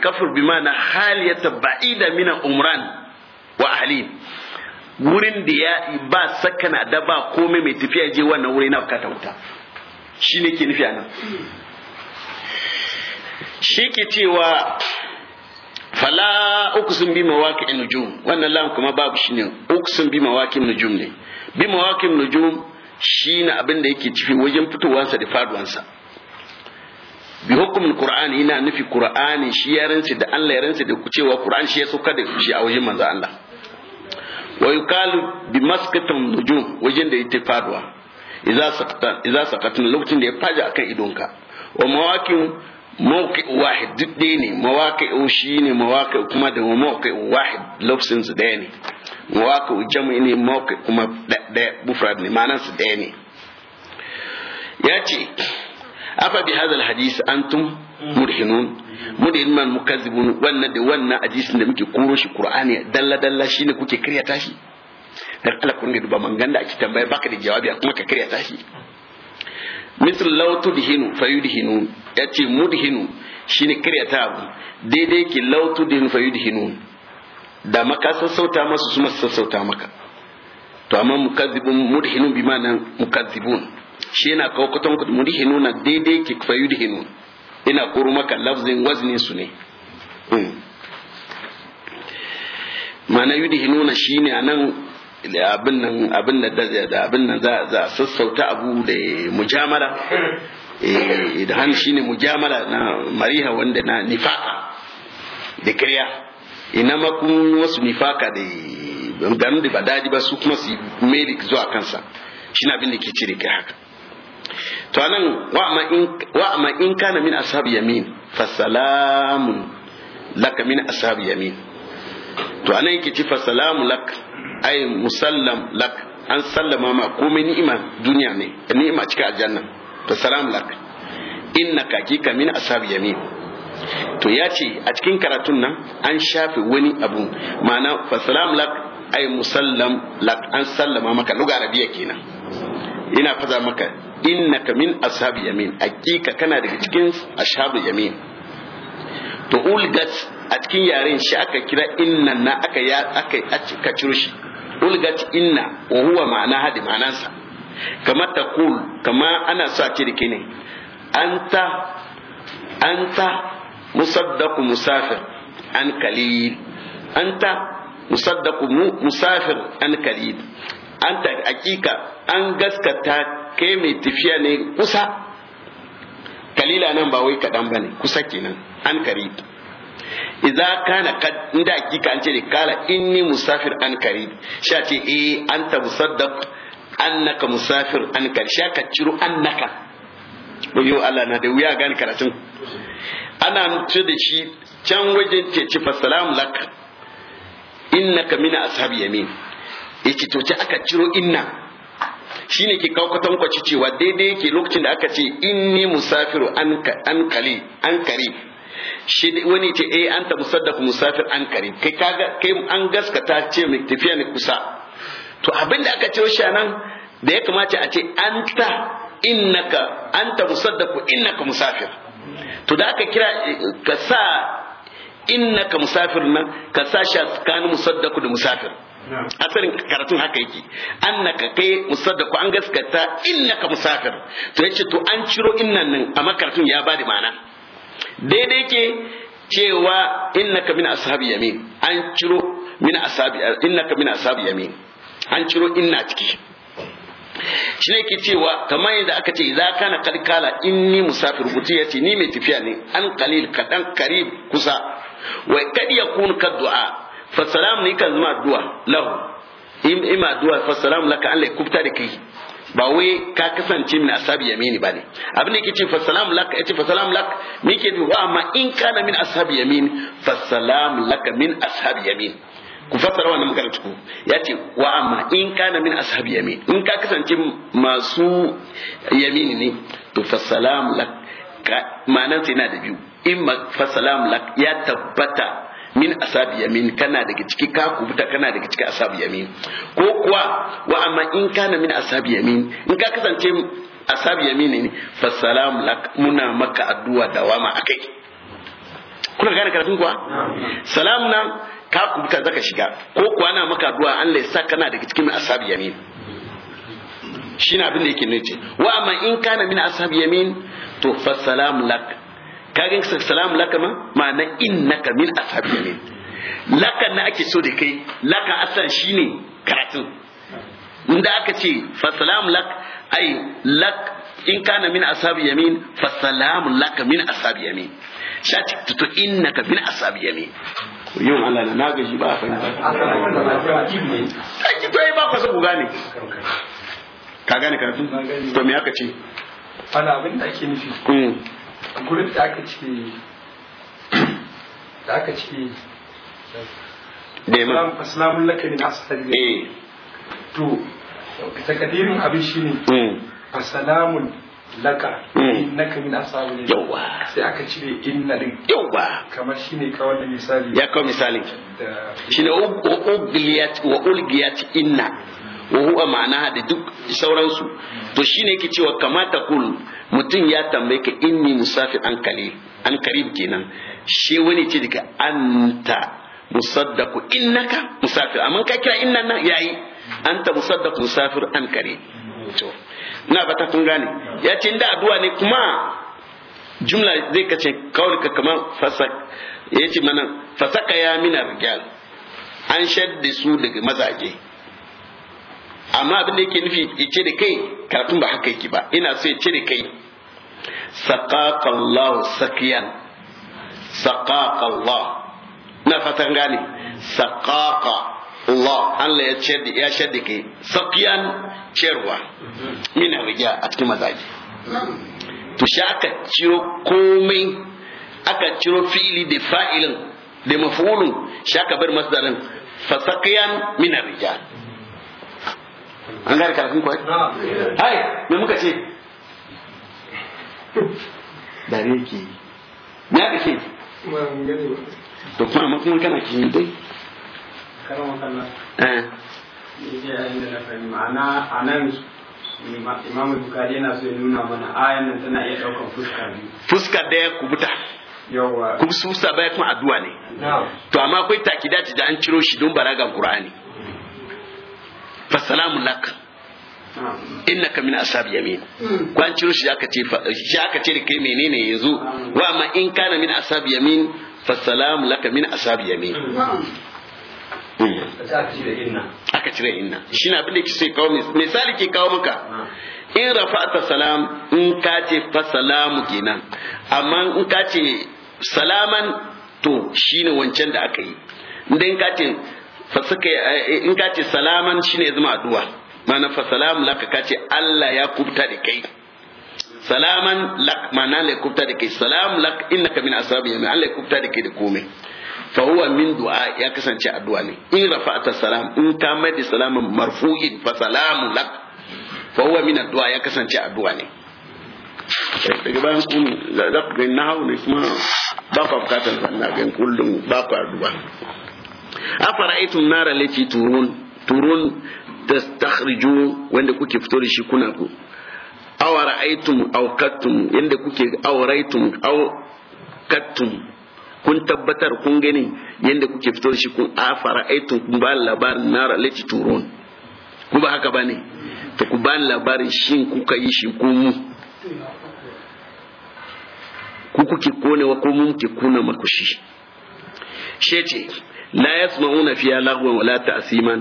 kafur bi mana haliyata ba'ida mina umran wa ahli wurin da ya ba sakana da ba komai mai tafiya je wannan wuri na bukata wuta shine ke nufi anan shi ke cewa fala uksun bi mawaqi'in nujum wannan lam kuma babu shine uksun bi mawaqi'in nujum ne bi mawaqi'in nujum shi na abin da yake ciki wajen fitowansa da faduwansa bi hukumin qur'ani yana nufi qur'ani shi ya rantsi da Allah ya rantsi da cewa qur'ani shi ya sauka da shi a wajen manzo Allah wa yuqalu bi maskatun nujum wajen da yake faduwa idza saqatan idza saqatan lokacin da ya faja akan idonka wa mawaqin mawqi wahid duk ne mawaqi shi ne mawaqi kuma da mawqi wahid lokacin su daya ne waka jamu ne mawaka kuma daya mufrad ne ma'anar su ɗaya ne ce, afa bi hadha alhadith antum mudhinun mudhin man mukazzibun wannan da wannan hadisin da muke koro shi qur'ani dalla dalla shine kuke kiryata shi dan Allah kun duba mangan da ake tambaya baka da jawabi kuma ka kiryata shi misal law tudhinu fayudhinun yace mudhinu shine kiryata abu daidai ki law tudhinu fayudhinun da maka sassauta masu su masu sassauta maka to amma mukazzibun mudhinu bi ma'anan mukazzibun shi yana kawo kwatan mudhinu na daidai ke fa yudhinun ina kuru maka lafzin waznin su ne hmm. ma'ana shi shine anan abin nan abin nan da abin nan za a sassauta abu da mujamala eh, eh da han shine mujamala na mariha wanda na nifa. da ina ma kun wasu nifaka da ganin da ba daji ba su kuma su meri zuwa kansa shi na abin da ke cire kai haka to anan wa amma in kana min ashab yamin fa salamun laka min ashab yamin to anan yake ci fa salamun lak ay musallam lak an sallama ma komai ni'ima duniya ne ni'ima cika aljanna fa salamun lak innaka kika min ashab yamin to ya ce a cikin karatun nan an shafe wani abu ma'ana fasalam lak ay musallam lak an sallama maka lugar arabiya kenan ina faza maka innaka min ashabi yamin hakika kana daga cikin ashabu yamin to ulgat a cikin yaren shi aka kira inna na aka ya aka aka ciro shi ulgat inna wa huwa ma'ana hadi ma'anansa kama taqul kama ana sa ce da ne anta anta musaddaku musafir an kalil musaddaku musafir an kalil anta hakika an gaskata kai mai tafiya ne kusa kalila nan ba wai kaɗan ba ne kusa kenan an karib idza kana kad inda hakika an ce ne kala inni musafir an karib sha ce eh anta musaddaq annaka musafir an karib sha ka ciro annaka bayo Allah na da wuya gane karatun ana nufi da shi can wajen ce ci fasalam lak innaka mina ashab yamin yace to ce aka ciro inna shine ke kawo kwatankwaci cewa daidai yake lokacin da aka ce inni musafiru an kali an kare shi wani ce eh anta musaddaq musafir an kare kai kaga kai an gaskata ce mai tafiya ne kusa to abinda aka ciro shi anan da ya kamata a ce anta innaka anta musaddaq innaka musafir to da aka kira ka sa ka musafir nan ka sa shi tsakanin musaddaku da musafir asalin karatun haka yake ka kai musaddaku an gaskata ka musafir to yace to an ciro innan nan amma karatun ya bada ma'ana daidai ke cewa innaka min ashabi yamin an ciro min ashabi innaka min ashabi yamin an ciro inna ciki shi ne ke cewa kamar yadda aka ce za kana kalkala in ni musafir mutum ya ce ni mai tafiya ne an kalil kaɗan karib kusa wai kad ya kun ka du'a fa salam ne kan zama du'a lahu in ima du'a fa salam laka an ya kubta da kai ba wai ka kasance min ashabi yamini ba ne abin da yake ce fasalam laka yace fasalam lak mike du'a amma in kana min ashabi yamini? fasalam laka min ashabi yamini. ku fassara wannan magana ciko ya ce wa amma in kana min ashabi yamin in ka kasance masu yamin ne to fassalam lak ma'anar sai na da biyu in ma fassalam lak ya tabbata min ashabi yamin kana daga ciki ka kubuta kana daga ciki ashabi yamin ko kuwa wa amma in kana min ashabi yamin in ka kasance ashabi yamin ne fassalam lak muna maka addu'a dawama akai kuna gane karatun kuwa salam na ka kubuta zaka shiga ko kuwa ana maka addu'a Allah ya sa kana daga cikin ashabi yamin shine abin da yake nace wa amma in kana min ashabi yamin to fa salam lak Ka sai salam lak ma ma'ana innaka min ashabi yamin lakan na ake so da kai lakan asan shine karatun inda aka ce fa salam lak ai lak in kana min ashabi yamin fa salam lak min ashabi yamin shati to innaka min ashabi yamin yin Allah na gaji ba a fahimta aiki to yi ba kwasa ku gane ka gane karatu to me aka ce ana abin da ake nufi hmm. gurin da aka ce da aka ce da islamun lakarin asali eh to takadirin abin shi ne. Hmm. asalamun laka hmm. innaka min ne. yawa sai aka cire inna din yawa kamar shine ka wannan misali ya kawo misali shine ugliyat wa ulgiyat inna wa huwa ma'ana da duk sauransu hmm. to shine yake cewa kamata kul mutum ya tambaye ka inni musafir an kale an karib kenan shi wani ce daga anta musaddaku innaka musafir amma ka kira inna nan yayi anta musaddaku musafir an kare hmm. to na fata kun gane ya ce inda addu'a ne kuma jumla zai kace ka kamar fasak ya ce mana fasaka ya mina rigyal an shaddi su daga mazaje amma abin da yake nufi ya ce da kai karatun ba haka yake ba ina so ya ce da kai saqaqallahu sakiyan saqaqallah na fatan gane saqaqa Allah Allah ya ce ya ciyar da ke saqiyan ciyarwa mina riga a cikin mazaji to shi aka ciro komai aka ciro fi'ili da fa'ilin da mafulun shi aka bar masdarin fa fasaqiyan mina riga an gari karfin kwai hai me muka ce dare ki na ka ce to kuma mun kana ki dai كرمك eh. da ya fuska daya kubuta yawa kuma susa baya kuma addu'a ne to amma akwai takidaci da an ciro shi don baragan qur'ani fa salamu lak innaka min ashab yamin hmm. ko an ciro shi aka ce shi aka ce kai menene yanzu wa amma in kana min ashab yamin fa salamu lak min ashab yamin Hmm. aka cire inna shi na abin da ke kawo misali ke kawo maka ah. in ta salam in ka ce fa salamu kenan amma in ka ce salaman to ne wancan da aka yi inda in ka ce eh, in ka ce salaman shi ne zama addu'a mana fa salamu laka ka ce Allah ya kubta da kai salaman lak mana la kubta da kai salamu lak innaka min ashabi yamin Allah ya kubta da kai da komai fa huwa min du'a ya kasance addu'a ne in rafa'ta salam in ka mai da salamin marfu'in fa salamu lak fa huwa min addu'a ya kasance addu'a ne daga bayan kun za ku gani na hauna kuma ba ku bukatar sannan ga kullum ba ku addu'a afara'aytum nara lati turun turun tastakhrijun wanda kuke fito da shi kuna ku awara'aytum aw kattum yanda kuke awaraitum aw kattum kun tabbatar kun gani yadda kuke fito da shi kun afara aitun kun ba labarin nara lati turon ku ba haka bane to ku ba labarin shi kuka yi shi ku mu ku kuke konewa ko mu muke kuna makushi she ce la yasma'una fiya lagwan wala ta'siman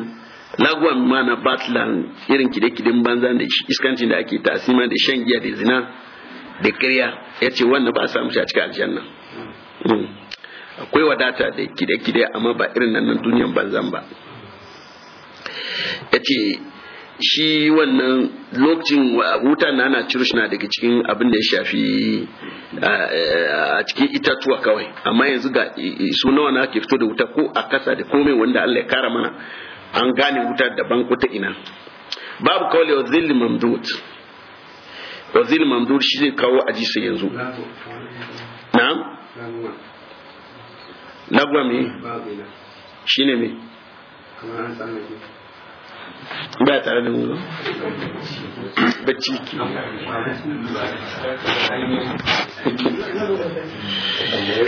lagwan mana batlan irin kide-kiden banza da iskancin da ake ta'siman da shan giya da zina da kirya ce wannan ba a samu shi a cikin aljanna hmm. akwai wadata da kide-kide amma ba irin nan duniyan banzan ba yace shi wannan lokacin wuta na ana ciro shi na daga cikin abin da ya shafi a cikin itatuwa kawai amma yanzu ga su nawa na ke fito da wuta ko a kasa da komai wanda Allah ya kara mana an gane wuta daban ko ina babu kawai wa zilli mamdud wa zilli mamdud shi zai kawo aji sai yanzu na'am lagwa me shi ne me ba tare da mu bacci ke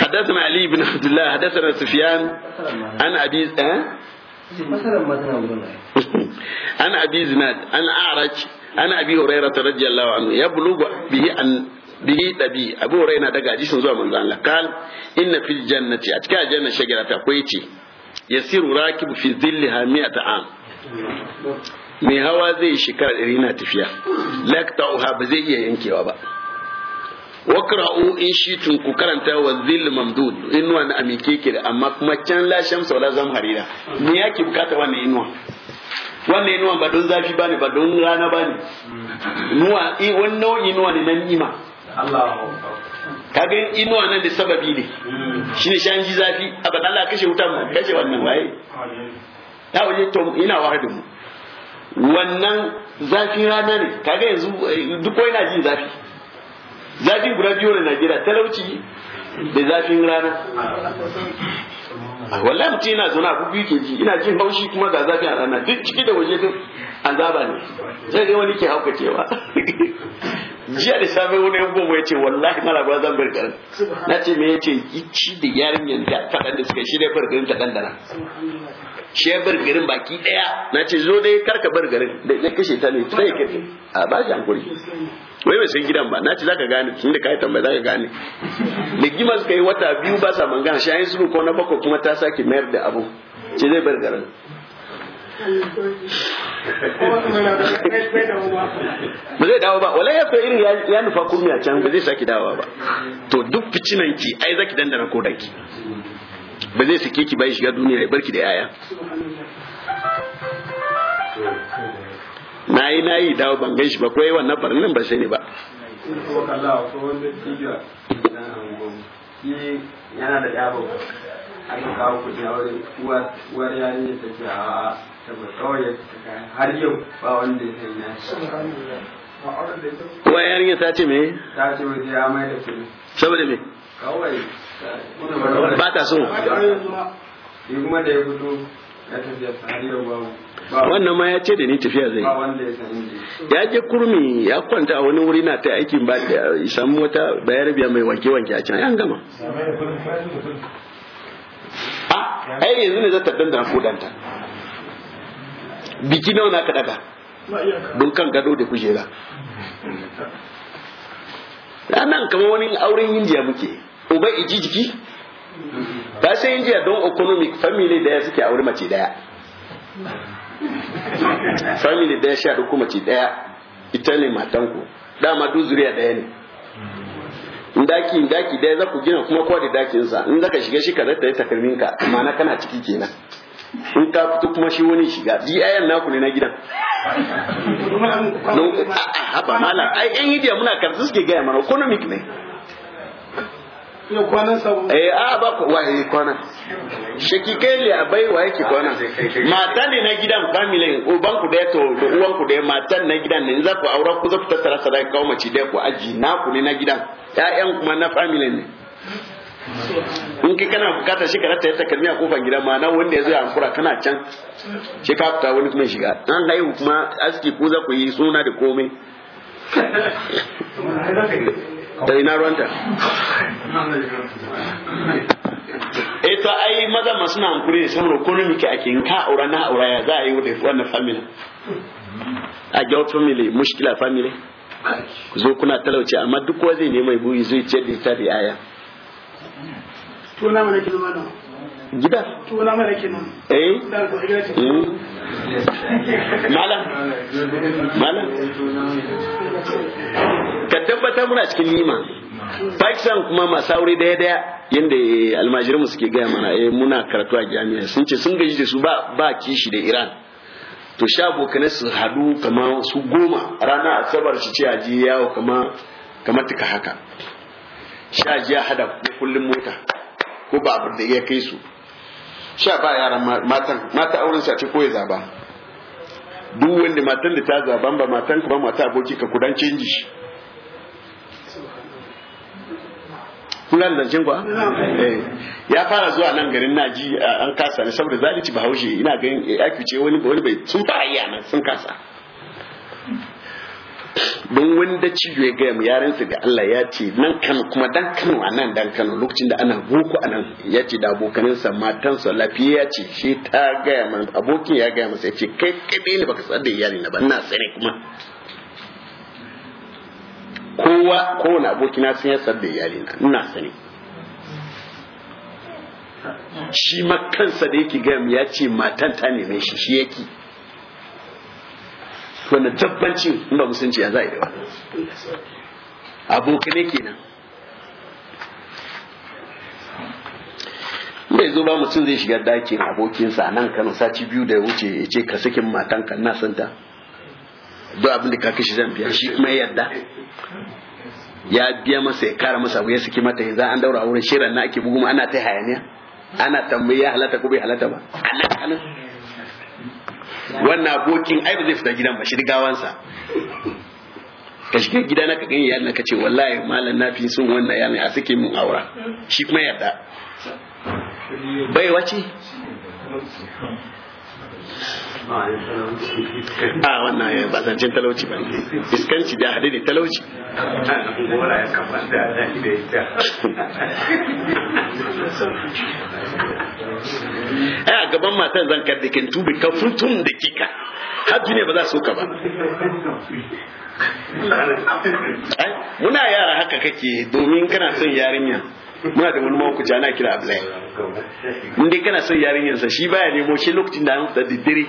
حدثنا علي بن عبد الله حدثنا سفيان عن ابي عن ابي زناد عن اعرج عن ابي هريره رضي الله عنه يبلغ به bihi dabi abu hurairah yana daga jishin zuwa manzo Allah kal inna fil jannati a cikin aljanna ta akwai ce yasiru rakib fi dhilliha mi'ata am mai hawa zai shekara ɗari na tafiya uha ba zai iya yankewa ba wakra'u in shi tun ku karanta wa zil mamdud inuwa na amike ke amma kuma can la shamsa wala zam harira me yake bukata wannan inuwa wannan inuwa ba don zafi bane ba don rana bane nuwa i wannan inuwa ne na ima kaga inu nan da sababi ne hmm. shine shan ji zafi abada Allah kashe wutan mu kashe wannan waye ya waje to ina wahada mu wannan zafi rana ne kaga yanzu eh, duk wani na jin zafi zafin guda biyu na Najeriya talauci da zafin rana wallahi mutum yana zaune abu bubu ke ji ina jin haushi kuma ga zafi a rana duk ciki da waje din an zaba ne sai dai wani ke haukacewa jiya da safe wani yan gobe ya ce wallahi mara ba zan birgar garin na ce me ya ce shi da yarinyar da faɗan da suka shi dai birgarin ta ɗandana shi ya birgarin garin baki ɗaya na ce zo dai karka birgarin garin da ya kashe ta ne ta ya kashe a ba shi hankuri wai bai san gidan ba na ce ka gane tun da ka yi tambaya ka gane da gima suka yi wata biyu ba sa mangana shayin an ko na bakwai kuma ta sake mayar da abu ce zai bar garin ba zai dawo ba wala ya so irin ya nufa kurmi a can ba zai saki dawowa ba to duk ficinan ki ai zaki dandana ko danki ba zai sake ki bai shiga duniya ya barki da yaya na yi na yi dawo ban gan shi ba kawai wannan barnin ba sai ne ba yana da ɗaya ba a kawo kudi a wurin uwar yarinya ta ce a saboda kawai har ya ta ce me ta ce ya da saboda ya ce da ni tafiya zai ya je kurmi ya kwanta a wani wuri na ta aikin ba da samu wata bayar biya mai wanke wanke a can ya gama a ah, ai yanzu ne zata ta dandana kudanta biki nawa na ka daga don kan gado da kujera ranan kamar wani auren indiya muke uba iji jiki ta sai india don economic family daya suke aure mace daya family daya sha uku mace daya ita ne matanku dama duk zuriya daya ne daki daki daya za ku gina kuma kowa da dakinsa in zaka shiga shi ka zata yi takalminka na kana ciki kenan in ka fito kuma shi wani shiga DIN naku ne na gidan haba mala ai yan idiya muna karatu suke gaya mana economic ne Eh a ba ku waye eh, kwana. Shakikai a bai wa yake kwana. Mata ne na gidan family uban ku daya to da uwan ku daya matan na gidan ne za ku aura ku za ku tattara sadaka kawo mace daya ku aji na ku ne na gidan. Ƴaƴan kuma na family ne. in kai kana bukatar shi karatta ya takalmi a kofar gida ma na wanda ya zo ya hankura kana can shi ka fita wani kuma shiga an haihu kuma aski ko za ku yi suna da komai da ina ruwanta eh to ai maza masu na hankuri da saboda ko ne muke ake yin ka aura na aura ya za a yi wannan family a gaut family mushkila family zo kuna talauci amma duk kowa ne mai ibu zai ce da ita da yaya gida eh? eh. malam malam ka tabbatar muna cikin nima Pakistan kuma masu aure daya daya yadda eh, almajirin mu suke gaya mana eh muna karatu a jami'a sun ce sun gaji da su ba ba kishi da Iran to sha abokanai su hadu kama su goma rana asabar su ce aji yawo kama tuka haka sha jiya hada kullum mota ko ba abin da ya kai su sha ba yaran matan mata auren sa ce ko ya zaba duk wanda matan da ta zaban ba matan ku ba mata aboki ka kudan canji shi kuna da zancen kuwa? Eh, ya fara zuwa nan garin naji eh, an kasa ne saboda zalici ba haushe ina ganin eh, ya fice wani wani bai sun fara yi a nan sun kasa don wanda cijo ya gaya mu yaransa ga Allah ya ce nan Kano kuma dan Kano a nan dan Kano lokacin da ana boko a nan ya ce da abokaninsa matansa lafiya ya ce shi ta gaya mana abokin ya gaya masa ya ce kai kaɗai ne baka tsada iyali na ba ina sani kuma kowa kowane abokina sun ya tsada iyali na ina sani shi ma kansa da yake gaya mu ya ce matan ta neme shi shi yake wannan tabbanci inda musulunci ya zai da abokane kenan mai zo ba mutum zai shiga dakin abokinsa nan kano sati biyu da ya wuce ya ce ka sakin matanka na santa duk abin da ka kashi zan biya shi kuma yadda ya biya masa ya kara masa abu ya saki mata yanzu an daura wurin shirin na ake bugu ana ta hayaniya ana tambayi ya halatta ko bai halatta ba wannan abokin ai ba zai fita gidan ba shi gawansa ka shiga gida na ka gani iyalin ka ce wallahi malam na fi son wannan yana a suke mun aura shi kuma yarda bai wace a wannan ya eh, ba zancen talauci ba iskanci da hade da talauci a gaban matan zan karda kin tubi ka futun da kika hajji ne ba za su ka ba muna yara haka kake domin kana son yarinya muna da wani mawuku jana kira Abdullahi in dai kana son yarinyar sa shi baya nemo shi lokacin da an da dare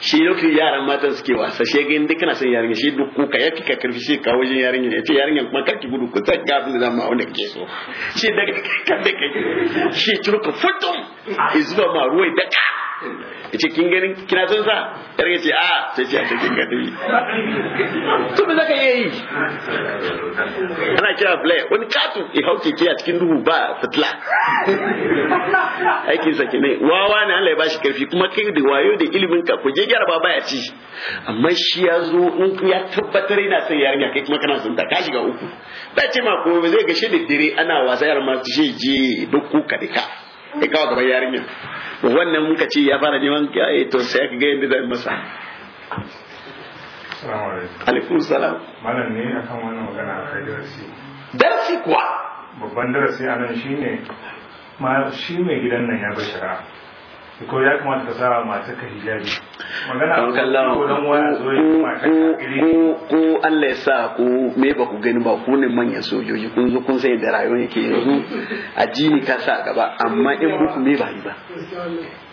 shi lokacin yaran matan suke wasa shi ga inda kana son yarinya shi duk kuka ya fika karfi shi kawo jin yarinya ya ce yarinya kuma karki gudu ku tsaka abin da zama wanda ke so shi daga kan da kai shi turka futum izuwa ma ruwai daga yace kin gani kina son sa yar yace a sai ce ta kin gani to me zaka yi ana kira play wani katu ya hauke ke a cikin duhu ba fitla aikin sa kine wawa ne Allah ya bashi karfi kuma kai da wayo da ilimin ka ku je gyara ba ya ci amma shi ya zo in ya tabbatar yana son yarinya kai kuma kana son ta ka shiga uku ba ce ma ko zai gashe da dire ana wasa yar ma je je duk kuka dika kai ka gaban yarinya wannan muka ce ya fara neman eh, to sai ka ga yadda zai masa alaikum salam malam ne akan wannan magana akai darasi darasi kuwa babban darasi anan shine ma shi mai gidan nan ya bashara ko ya kamata ka sa ka hijabi magana ko dan wani zo ko Allah ya sa ku me ba ku gani ba ku ne manyan sojoji kun zo kun sai da rayuwar yake yanzu addini ka sa gaba amma in ku me ba yi ba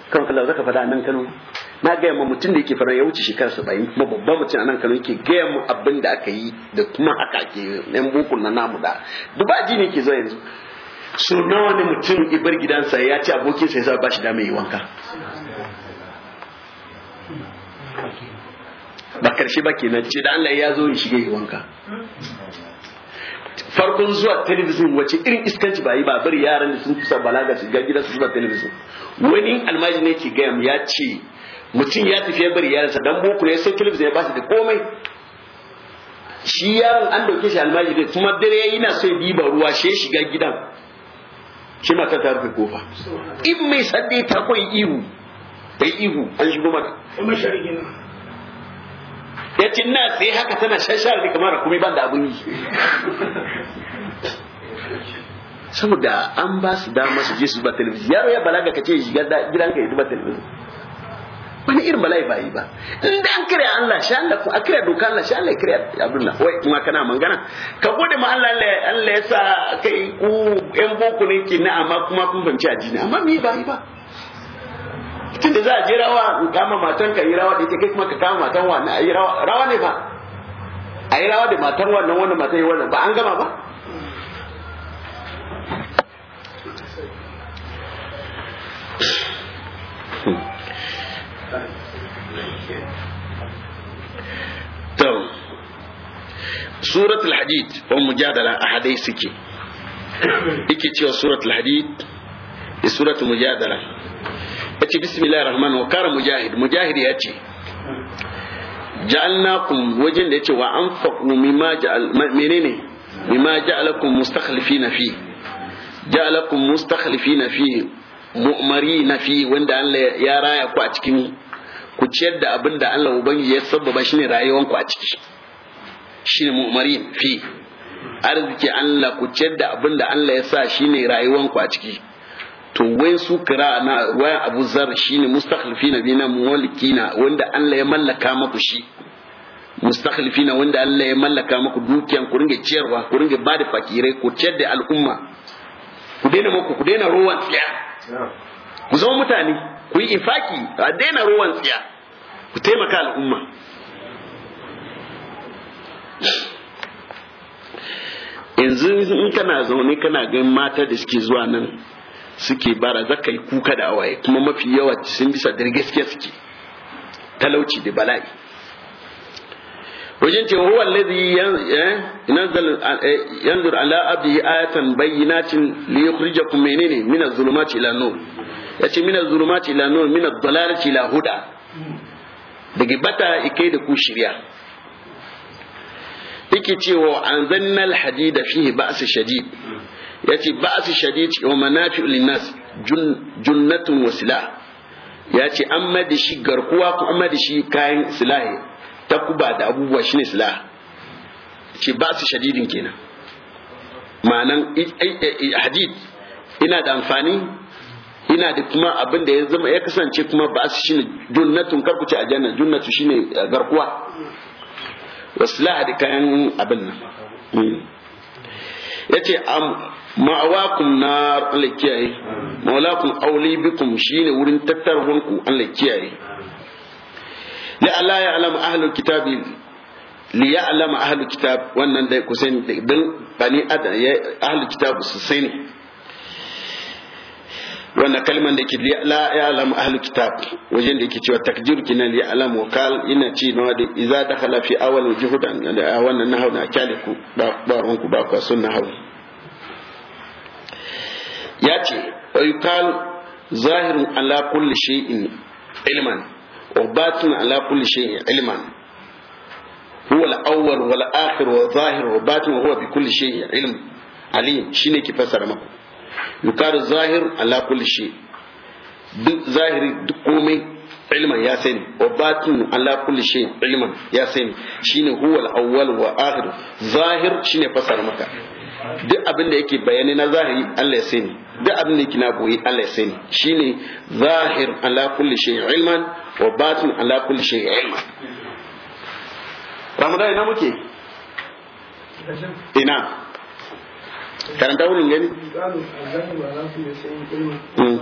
kan Allah zaka fada nan Kano na gaya ma mutum da yake fara ya wuce shekara saba'in kuma babban mutum a nan kano yake gaya mu abin da aka yi da kuma aka ke yan bukun na namu da duba ji ke zo yanzu so nawa ne mutum ibar gidansa ya ci abokin ya zaba shi dama yi wanka ba karshe ba kenan ce da Allah ya zo ya shiga yi wanka farkon zuwa telebijin wace irin iskanci ba yi ba bari yaran da sun kusa balaga su ga gidansu zuwa telebijin wani almajin ne ke gaya ya ce mutum ya tafi ya bari yaransa dan boko ne sai telebijin ya ba shi da komai shi yaron an dauke shi almajin ne kuma dare yana so ya diba ruwa shi ya shiga gidan shi matar ta rufe kofa in mai sande ta kwai ihu bai ihu an shigo mata ya ce na sai haka tana shashar da kamar kuma ban da abin yi saboda an ba su dama su je su ba talabijin yaro ya balaga ka ce gidan ka yi ba talabijin wani irin bala'i ba yi ba in da an kare Allah sha Allah ko a kare doka Allah sha Allah ya kare abin nan wai kuma kana mangana ka gode ma Allah Allah ya sa kai ku yan boko ne ki na amma kuma kun banci ajini amma me ba yi ba tunda za a je rawa in kama matan ka yi rawa da ita kai kuma ka kama matan wa na yi rawa rawa ne ba a yi rawa da matan wannan wannan matan yi wannan ba an gama ba you to suratul hadid wa mujadala a hadai suke yake cewa suratul hadid da suratul mujadala ya ce bismillahir rahman wa kara mujahid mujahid ya ce ja'alnakum wajen da ya ce wa anfaqu mimma ja'al menene mimma ja'alakum mustakhlifina fi ja'alakum mustakhlifina fi mu'marina fi wanda Allah ya raya ku a cikin ku ciyar da abin da Allah ubangiji ya sabbaba ne rayuwanku a ciki ne mu'marin fi arziki Allah ku ciyar da abin da Allah ya sa shi ne rayuwanku a ciki to wai su kira na wayan Abu Zar shi ne shine na bina na wanda Allah ya mallaka maku shi na wanda Allah ya mallaka maku dukiyan ku ringa ciyarwa ku ringa da fakirai ku ciyar da al'umma ku daina muku ku daina ruwan tsiya ku zama mutane ku yi infaki a daina ruwan tsiya ku taimaka al'umma yanzu in kana zaune kana ganin mata da suke zuwa nan suke bara zaka yi kuka da awaye kuma mafi yawa sun bisa da gaskiya suke talauci da bala'i wajen ce huwa alladhi yanzal eh, eh, yanzur ala abdi ayatan bayyinatin li yukhrijakum menene min az-zulumati ila nur ya ce mina ci la nur mina dalalati ila huda daga bata ikai da ku shirya ike cewa an zanna alhadida fihi ba'su shadid yace ba'su shadid wa manafi'u linnas junnatun wasila ya ce amma da shi garkuwa ko amma da shi kayan silahi takuba da abubuwa shine silah ce ba'su shadidin kenan ma'anan eh, eh, eh, hadid ina da amfani ina da kuma abin da ya zama ya kasance kuma ba su shine junnatun karkuce a janna junnatu shine garkuwa wasilaha da kayan abin nan hmm. yace am ma'awakum nar Allah kiyaye maulakum auli bikum shine wurin tattarwun ku Allah kiyaye la alla ya'lamu ahlul kitabi li alama ahlul kitab wannan dai kusan dan bani adam ahlul kitab su sani wannan kalman da ke la alamu ahlul kitab wajen da ke cewa takjir kinan li alam wa kal ina ci na da idza dakhala fi awal juhudan da wannan nahau na kyaliku ba ba ku ba ku sunna hawu ya ce wa kal zahirin ala kulli in ilman wa batin ala kulli in ilman wa هو wa والآخر والظاهر huwa bi بكل شيء علم عليم شيني ki fasara maku. yukaru zahir ala kulli shi duk zahiri duk komai ilman ya sani wa batin ala kulli shi ilman ya sani shine huwa al-awwal wa akhir zahir shine fasar maka duk abin da yake bayani na zahiri Allah ya sani duk abin da yake na boye Allah ya sani shine zahir ala kulli shi ilman wa batin ala kulli shi ilman Ramadan ina muke ina karanta wurin gani hmm.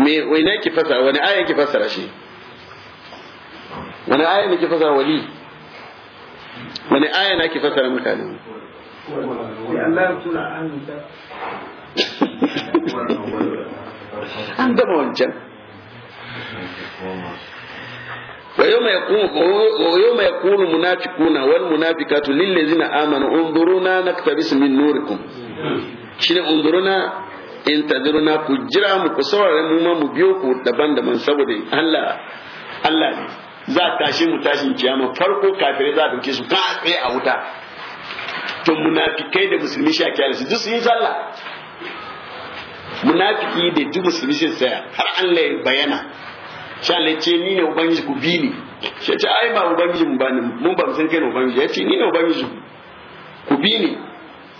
me wai na ki fasara wani aya yake fasara shi wani aya ne fasa fasara wali wani aya na ki fasara mutane an gama wancan ويوم يقول المنافقون والمنافقات للذين امنوا انظرونا نقتبس من نوركم شنو انظرونا انتظرونا كجرا مكو سورare mu ma mu biyo ku daban-daban saboda Allah Allah za mu tashin kiyama farko kafirai za dauke su ka tsaye a wuta to munafikai da musulmi sha kiyar su duk sun yi sallah munafiki da duk musulmi sun tsaya har Allah ya bayyana. sha ce ni ne ubangiji ku bi ni shi ce ai ba ubangiji mu bani mu ba san kai ne ubangiji ya ce ni ne ubangiji ku bi ni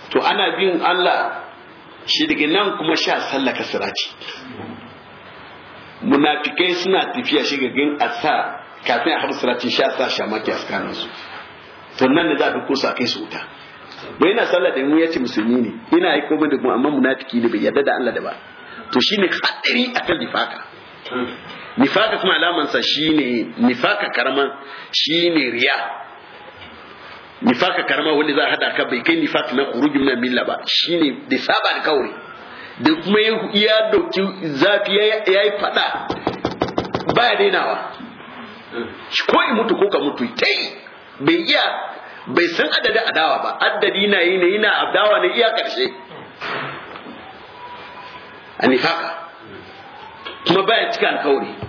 to ana bin Allah shi daga nan kuma sha sallaka siraci munafikai suna tafiya shi ga gin asa kafin a harsu siraci sha sa shamaki a tsakanin su to nan da za a kusa kai su wuta bai na sallah da mu yace musulmi ne ina yi komai da mu amma munafiki ne bai yarda da Allah da ba to shine hadari akan difaka nifaka kuma alamansa shine nifaka karama shine riya nifaka karama wanda za a hada ka bai kai nifaka na kuruji na milla ba shine da saba da kauri da kuma ya doki zafi ya yi fada ya dainawa ko mutu ko ka mutu ta yi bai iya bai san adadi adawa ba adadi na yi ne yana adawa ne iya karshe a kuma baya cika alkawari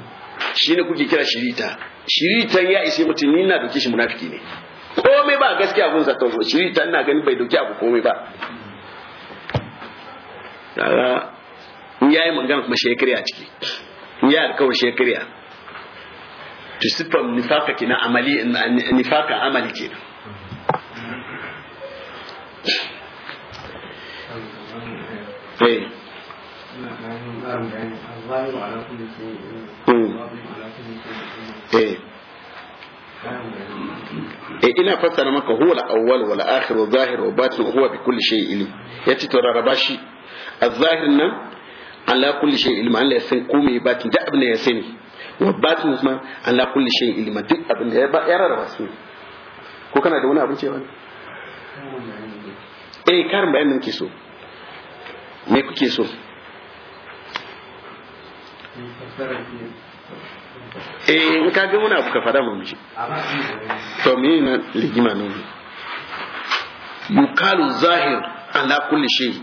shine kuke kira shirita shiritan ya ishe mutum ni na doke shi munafiki ne komai ba gaskiya abun ta wasu shirita na ganin bai doke abu komai ba kaga in yayi magana kuma a ciki in yayi alkawar shekariya to siffar nifaka kina amali nifaka amali kina. eh Hmm. eh e ina fassara maka huwa al-awwal wal akhir wal zahir wa batin huwa bi kulli shay'in ilim yace to rarraba shi az-zahir nan ala kulli shay'in ilim Allah ya san komai batin da abin da ya sani wa batin kuma ala kulli shay'in ilim duk abin da ya rarraba su ko kana da wani abin cewa eh karin bayanin ke so me kuke so eh in ka ga muna abu fada mu ji to me na ligima ne yukalu zahir ala kulli shay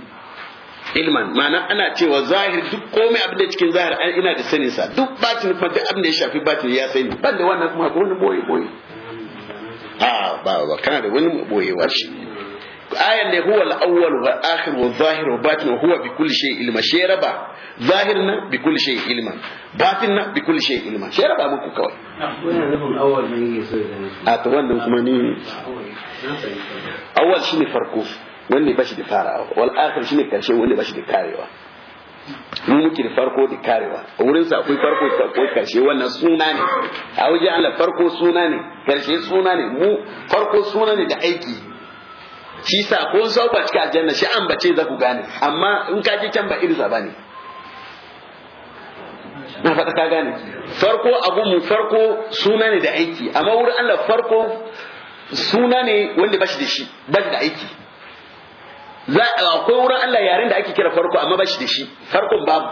ilman ma'ana ana cewa zahir duk komai abin da cikin zahir ina da sanin sa duk batin kuma duk abin da ya shafi batin ya sani banda wannan kuma ko wani boye boye a ah, ba ba kana da wani boyewa shi ayan ne huwa al-awwal wa akhir wa zahir wa batin wa huwa bi kulli shay'in ilma shi raba zahir na bi kulli shay'in ilma batin na bi kulli shay'in ilma shi raba muku kawai a to wannan kuma ni awwal shine farko wanda ba shi da farawa wal akhir shine karshe wanda bashi shi da karewa mu muke da farko da karewa a wurin sa akwai farko akwai karshe wannan suna ne a wajen Allah farko suna ne karshe suna ne mu farko suna ne da aiki shi sa ko sau ba cika aljanna shi an bace za ku gane amma in ka je can ba iri za bane na fata ka gane farko abu mu farko suna ne da aiki amma wurin Allah farko suna ne wanda bashi da shi bashi da aiki za akwai wurin Allah yaren da ake kira farko amma bashi da shi farkon babu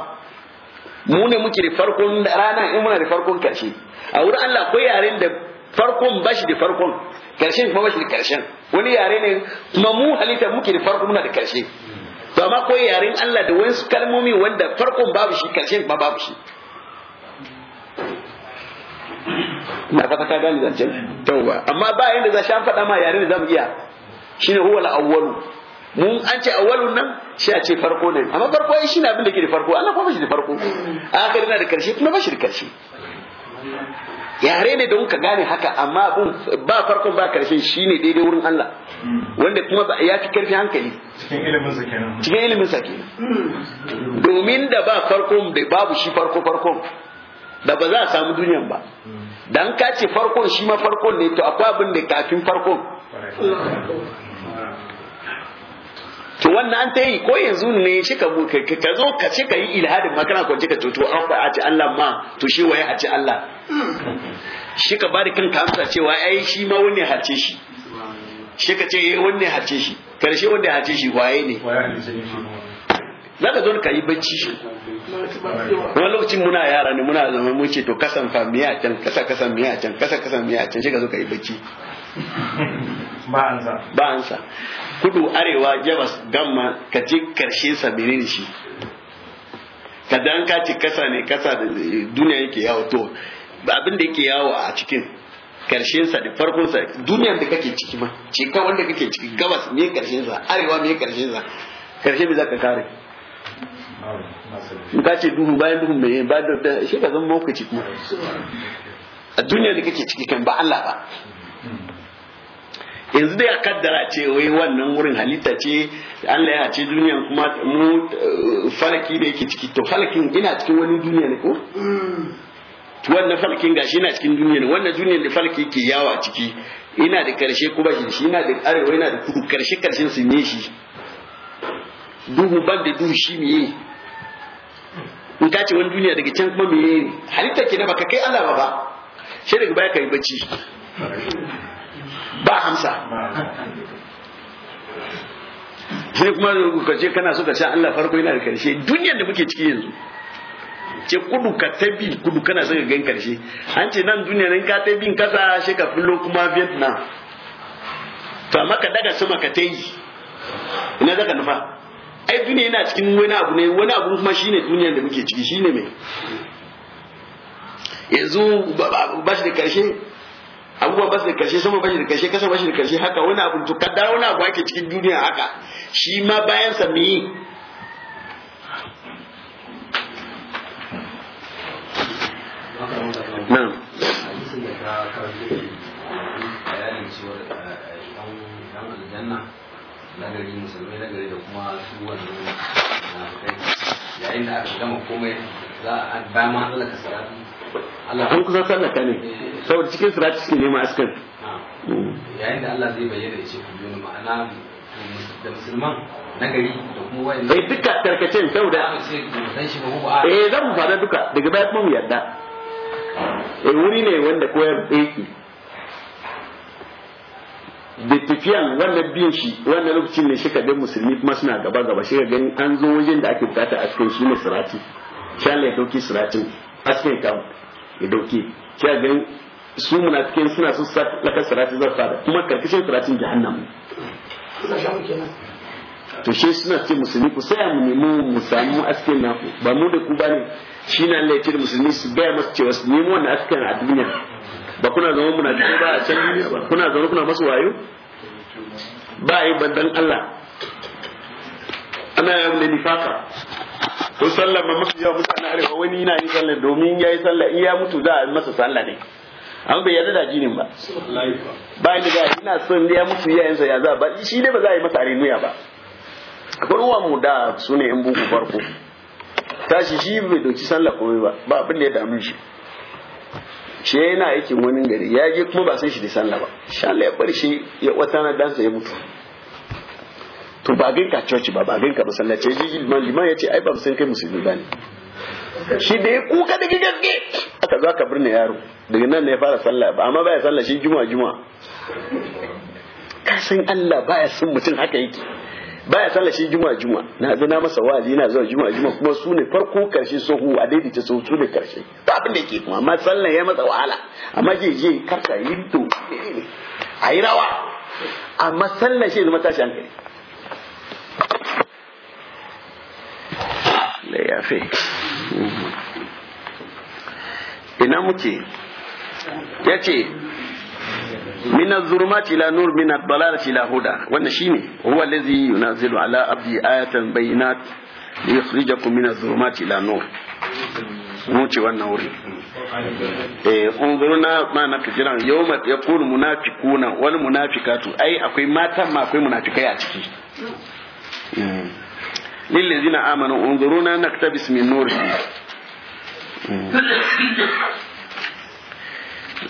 mu ne muke da farkon rana in muna da farkon karshe a wurin Allah akwai yaren da farkon bashi da farkon karshen kuma bashi da karshen wani yare ne kuma mu halitta muke da farko muna da karshe to amma koyi yaren Allah da wasu kalmomi wanda farkon babu shi karshen kuma babu shi na ka ta gani zancen tauba amma ba yanda za an faɗa ma yaren da zamu iya shine huwa al mu mun an ce awwalun nan shi a ce farko ne amma farko shi ne abin da ke da farko Allah kuma bashi da farko akhirina da karshe kuma bashi da karshe yare ne don ka gane haka amma abun ba farkon ba karshen shine daidai wurin Allah wanda kuma ya fi karfi hankali cikin ilimin sa domin da ba farkon da babu shi farko farkon da ba za a samu duniyan ba dan ka ce farkon shi ma farkon ne to akwai abin da kafin farkon to wannan an ta yi ko yanzu ne shi ka ka zo ka ce ka yi ilhadin ma kana kwance ka toto an ba a ci Allah ma to shi waye a ce Allah shi ka bada kanka amsa cewa ai shi ma wani harce shi shi ka ce eh, wani harce shi karshe wanda harce shi waye ne za ka zo ka yi bacci shi wani lokacin muna yara ne muna zama mun ce to kasan fa miya can kasa kasan miya can kasa kasan miya can shi ka zo ka yi bacci ba'ansa kudu arewa jabas gamma ka ci karshe sa menene shi ka dan ka ci kasa ne kasa da duniya yake yawo to abin da yake yawo a cikin karshen sa da farkon sa duniyar da kake ciki ma ce ka wanda kake ciki gabas me karshen sa arewa me karshen sa karshe me zaka kare in ka ce duhu bayan duhu me bayan da shi ka zama mawukaci kuma a duniyar da kake ciki kan ba Allah ba yanzu dai a kaddara ce wai wannan wurin halitta ce Allah ya ce duniya kuma mu eh, falaki da yake ciki to falakin ina cikin wani duniya ne ko mm. to wannan falakin gashi ina cikin duniya ne wannan duniya da falaki yake yawa ciki ina da karshe kuma shi ina da arewa ina da kudu karshe karshen su ne shi duhu ban da duhu shi meye. in ka ce wani duniya daga can kuma ne halitta ke na baka kai Allah ba ba shi daga baya ka yi bacci ba hamsa sai kuma ka ce kana so ka san Allah farko yana da karshe duniyar da muke ciki yanzu ce kudu ka ta bi kudu kana son ka gan karshe an ce nan duniya nan ka ta bin kasa shi ka fillo kuma Vietnam to maka ka daga sama ka ta yi ina daga nufa ai duniya yana cikin wani abu ne wani abu kuma shine duniyar da muke ciki shine mai yanzu ba shi da karshe abubuwa ba su da karshe sama ba shi da karshe kasa ba shi da karshe haka wani abu to kaddara wani abu ake cikin duniya haka shi ma bayan sa me na'am eh, nagari musulmai nagari da kuma su wannan eh, yayin da aka gama komai za a bayan ma halaka salatu Allah kun kusan sallaka ne saboda cikin sirati suke nema askan yayin da Allah zai bayyana ya ce ku biyo ma'ana da musulman nagari da kuma wayan eh duka tarkacen saboda eh zan mu fada duka daga baya kuma mu yarda eh wuri ne wanda koyar aiki da tafiyan wannan biyan shi wannan lokacin ne shika dan musulmi kuma suna gaba gaba shi gani an zo wajen da ake bukata a cikin shi ne sirati shan lai dauki siratin askin kam ya dauke kiya ga su munafikai suna so su laka sarati zai fara kuma karkashin siratin jahannam to shi suna ce musulmi ku sai mu nemo mu samu askin naku ba mu da ku bane shi na Allah ya ce musulmi su gaya masu cewa su nemo wannan askin a duniya ba kuna zama munafikai ba a can duniya ba kuna zama kuna masu wayo ba yi bandan Allah ana yawon da nifaka to sallar ma mafi yawa mutane arewa wani yana yi sallar domin ya yi sallar in ya mutu za a masa sallah ne an bai yarda da jinin ba bayan da ina son ya mutu yansa ya za ba shi dai ba za a yi masa renuya ba akwai uwan mu da su ne in buku farko tashi shi bai doki sallah komai ba ba abin da ya damu shi shi yana aikin wani gari ya je kuma ba san shi da sallah ba sha Allah ya bar shi ya wata na dansa ya mutu to ba ganka coci ba ba ganka masallaci ji liman ya ce ai ba san kai musulmi ba ne shi da ya kuka da gaske aka zo aka birne yaro daga nan ne ya fara sallah ba amma baya sallah shi juma juma ka san Allah baya son mutum haka yake baya sallah shi juma juma na zina masa wazi na zuwa juma juma kuma su ne farko karshe sohu a daidaita so su ne karshe ba abin da yake kuma amma sallah ya masa wahala amma je je karka yi to eh, eh, eh, a yi rawa amma sallah shi zama tashi hankali Allah ya fi ina muke ya ce mina zurmati la nur mina dalalati la huda wanda shi ne huwa lezi allazi zilu ala abdi ayatan da ya li yukhrijakum mina zurmati la nur mu ce wannan wuri eh unzuruna ma na yau ma fijiran yawma yaqulu wani wal munafiqatu ai akwai matan ma akwai munafikai a ciki eh. lillazina amanu unzuruna naktabis min nurikum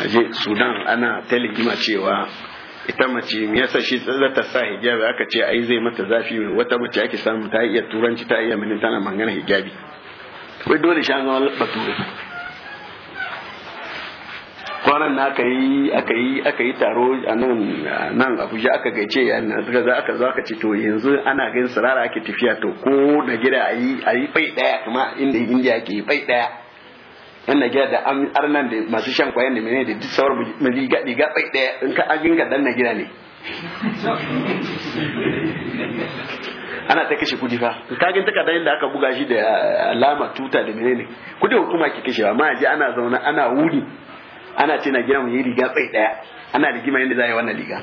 aje sudan ana ta cewa ita mace me yasa shi za ta sa hijabi aka ce ai zai mata zafi wata mace ake samu ta iya turanci ta iya mini tana magana hijabi wai dole shi an zama bature kwanan na aka yi aka yi aka yi taro a nan nan abuja aka gaice yana suka za aka zo aka ce to yanzu ana gan sarara ake tafiya to ko na gida a yi a yi fai daya kuma inda indiya ke yi fai daya yan na gida da arnan da masu shan kwayan da menene da duk sauran gadi ga fai daya in ka agin ga dan na gida ne ana ta kashe kudi fa ta kadan inda aka buga shi da alama tuta da menene kudi hukuma ke kashewa ma je ana zaune ana wuri ana ce na gina mu yi riga tsaye daya ana rigima yadda za a yi wannan riga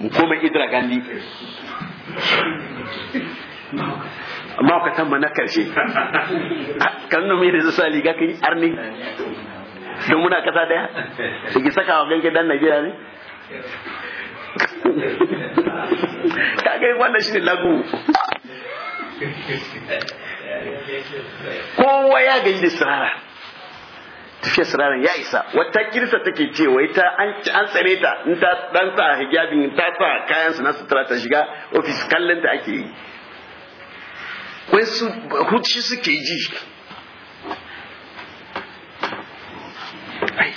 mu koma idra gandi ma'aukatan ma na karshe kan nomi da zuwa riga liga kai arni don muna kasa daya da ki saka wa ganke dan najeriya ne kai wannan shi ne lagu kowa ya gani da sirara tafiya sararin ya isa wata kirista take cewa ita an tsare ta in ta dan sa hijabin ta sa kayan su na sutura ta shiga ofis kallon ta ake yi wai su huci suke ji ai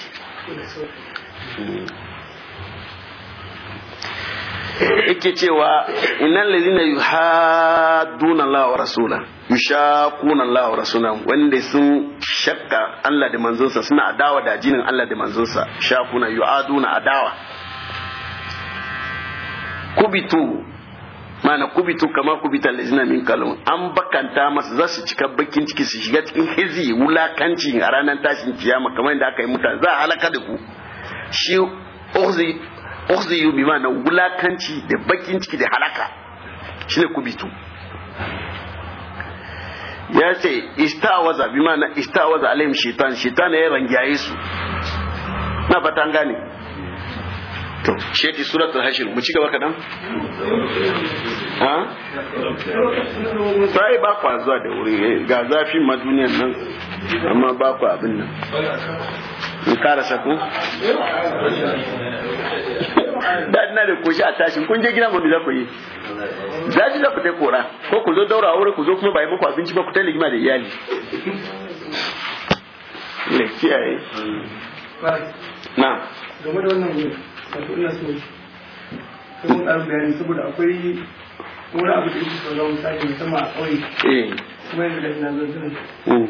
yake cewa innal ladina yuhadduna Allah wa rasula yushaquna Allah wa rasula wanda sun shakka Allah da manzonsa suna adawa da jinin Allah da manzonsa shakuna yuaduna adawa kubitu mana kubitu kama kubita lazina min kalon an bakanta masu za su cika bakin ciki su shiga cikin hizi wulakanci a ranar tashin kiyama kamar yadda aka yi mutane za a halaka da ku shi uzi ukhziyu bima na wulakanci da bakin ciki da halaka shine kubitu ya ce istawaza bima na istawaza alaihim shaitan shaitan ya rangiyaye su na fata gane to sheti suratul hashir mu ci gaba kadan ha sai ba kwa zuwa da wuri eh, ga zafin ma duniyan nan amma ba kwa abin nan in karasa ko da na da koshi a tashin kun je gina gobe za ku yi za ji za ku ta kora ko ku zo daura aure ku zo kuma ba muku abinci ba ku ta ligima da iyali ne kiyaye na game da wannan ne wato ina so kuma ƙarin bayani saboda akwai wani abu da yake sauran misali musamman a ƙauye eh. kuma yanzu da ina mm.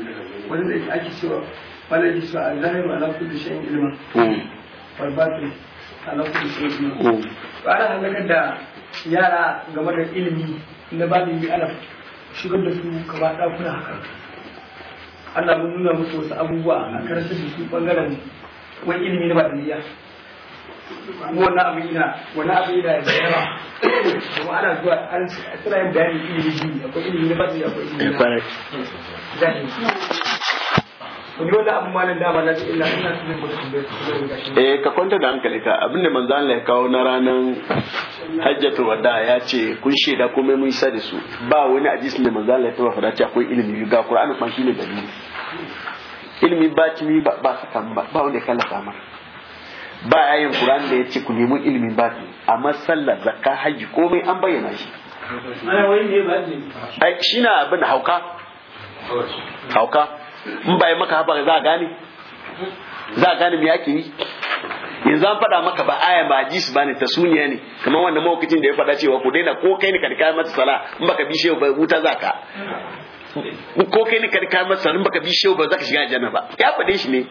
wani da ake cewa ولا جسم كل شيء على كل شيء وعلى game da ilimi na alaf da su kaba ɗakuna haka ana nuna musu wasu abubuwa a karshen da su ɓangaren wani ilimi na badaniya wannan abu ina wani abin yana da yawa kuma ana zuwa an tsira yin bayani ilimi biyu akwai ilimi na akwai ilimi na Eh, ka kwanta da hankali ka abin da manzo Allah ya kawo na ranan hajjatul wada ya ce kun shaida komai mun isa da su ba wani hadisin da manzo Allah ya taba fada cewa akwai ilimi ga Qur'ani kuma shine dalili ilimi ba timi ba ba saka ba ba wanda ya kallafa ma ba ayin Qur'ani da ya ce ku nemi ilimin ba amma sallah zakka haji komai an bayyana shi ai na abin hauka hauka in ba maka haka za a gane za a gane mai yake yi yanzu an faɗa maka ba aya ba jis ba ne ta suniya ne kamar wanda mawakacin da ya faɗa cewa ku daina ko kai ne ka rika masa sala in baka bi shehu ba wuta za ka ko kai ne ka rika masa sala in baka bi shehu ba za ka shiga aljanna ba ya faɗe shi ne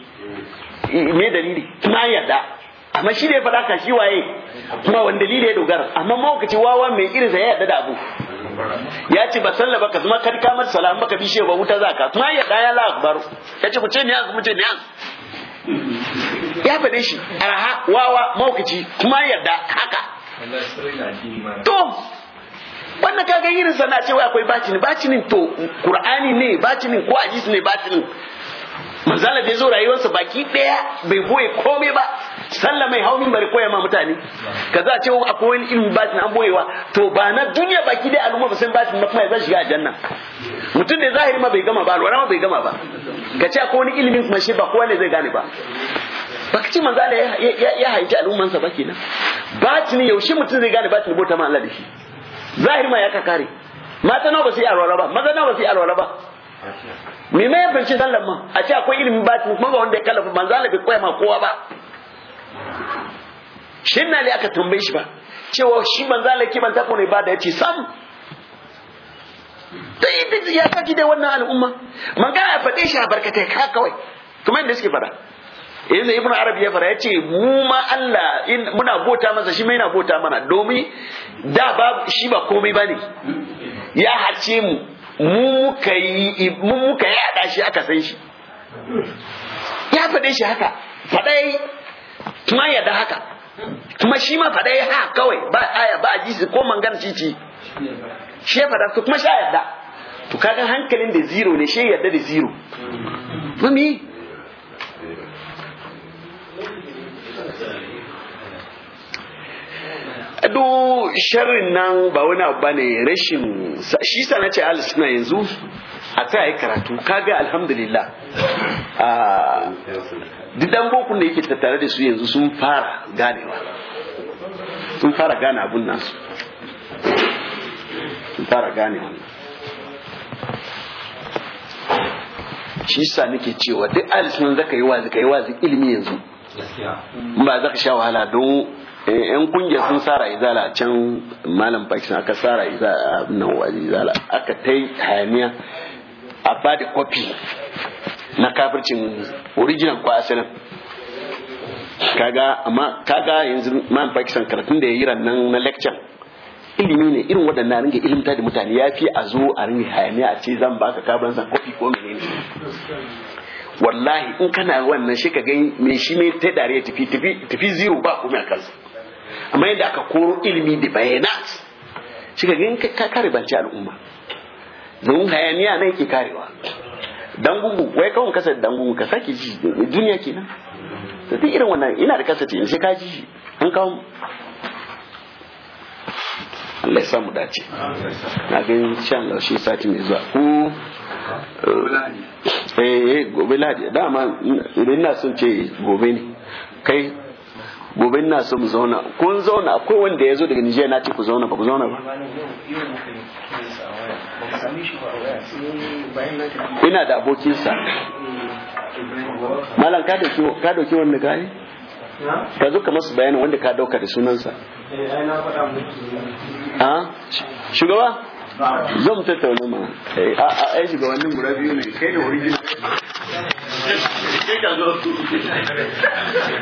me dalili kuma yarda amma shi da ya faɗa ka shi waye kuma wani dalili ya dogara amma mawakacin wawa mai irin sa ya yarda da abu ya ce ba sallah ba ka zama kar ka mata salam baka bishe ba wuta ka kuma ya ya la akbar ya ce ku ce niyan mu ce niyan ya fade shi araha wawa maukaci kuma da haka to wannan kaga irin sana wai akwai bacini bacinin to qur'ani ne bacinin ko hadisi ne bacinin manzala bai zo rayuwarsa baki daya bai boye komai ba sallah mai hau bari koya ma mutane Ka za a ce akwai wani ilimin batin an boyewa to ba na duniya baki dai al'umma ba san batin na kuma zai shiga aljanna mutum da zahiri ma bai gama ba alwara ma bai gama ba ka ce akwai wani ilimin kuma shi ba kowa ne zai gane ba ba ka ce manzo Allah ya haifi al'ummansa ba kenan batini yaushe mutum zai gane batini bota ma Allah da shi zahiri ma ya ka kare mata nawa ba su yi alwala ba maza nawa ba su yi alwala ba me mai yabanci sallan ma a ce akwai ilimin batini kuma ba wanda ya kallafa manzo Allah bai koya ma kowa ba shin na aka tambaye shi ba cewa shi manzo Allah kiman ba da ibada yace sam dai da ya kaki da wannan al'umma magana a fade shi a barkata ka kawai kuma inda suke fara yanzu ibn arabi ya fara yace mu ma Allah in muna bota masa shi mai na bota mana domin da ba shi ba komai bane ya hace mu mu muka yi mu muka yada shi aka san shi ya fade shi haka fadai kuma ya da haka kuma shi ma faɗa ya ha kawai ba aya ba hadisi ko mangan cici shi ya faɗa kuma sha yadda to kaga hankalin da zero ne shi yadda da zero mami ado sharrin nan ba wani abu bane rashin shi sa na ce alisuna yanzu a tsaye karatu kaga alhamdulillah ah. duk dan bokun da yake tattare da su yanzu sun fara ganewa sun fara gane abun nasu sun fara gane wannan shi sa nake cewa duk alisun zaka yi wazi ka yi wazi ilimi yanzu ba za ka sha wahala don eh, yan kungiyar sun sara izala can malam pakistan aka sara izala nan izala aka ta yi hayaniya a ba da kofi na kafircin original ko asalin kaga amma kaga yanzu man Pakistan karatun da ya yi nan na lecture ilimi ne irin waɗannan ringa ilimta da mutane ya fi a zo a ringa hayaniya a ce zan baka kabran san kofi ko menene wallahi in kana wannan shi ka gani me shi me ta dare tafi tafi tafi zero ba komai a kansa amma yadda aka koro ilimi da bayanat shi ka gani ka kare banci al'umma don hayaniya ne yake karewa dangungu wai kawai kasa da dangungu ka sake ji duniya kenan to duk irin wannan ina da kasa ce sai ka ji an kawo Allah ya samu dace na ga insha Allah shi sati mai zuwa ku eh, eh gobe ladi dama idan na son ce gobe ne kai gobe na so mu zauna kun zauna akwai wanda ya zo daga Nijar na ce ku zauna ba ku zauna ba ina da abokinsa eh, malam ka dauki ka dauki wanda ka yi ka zo ka masu bayanin wanda ka dauka da sunansa eh, a shugaba zan tattauna ma eh, a a shugabannin guda biyu ne kai da original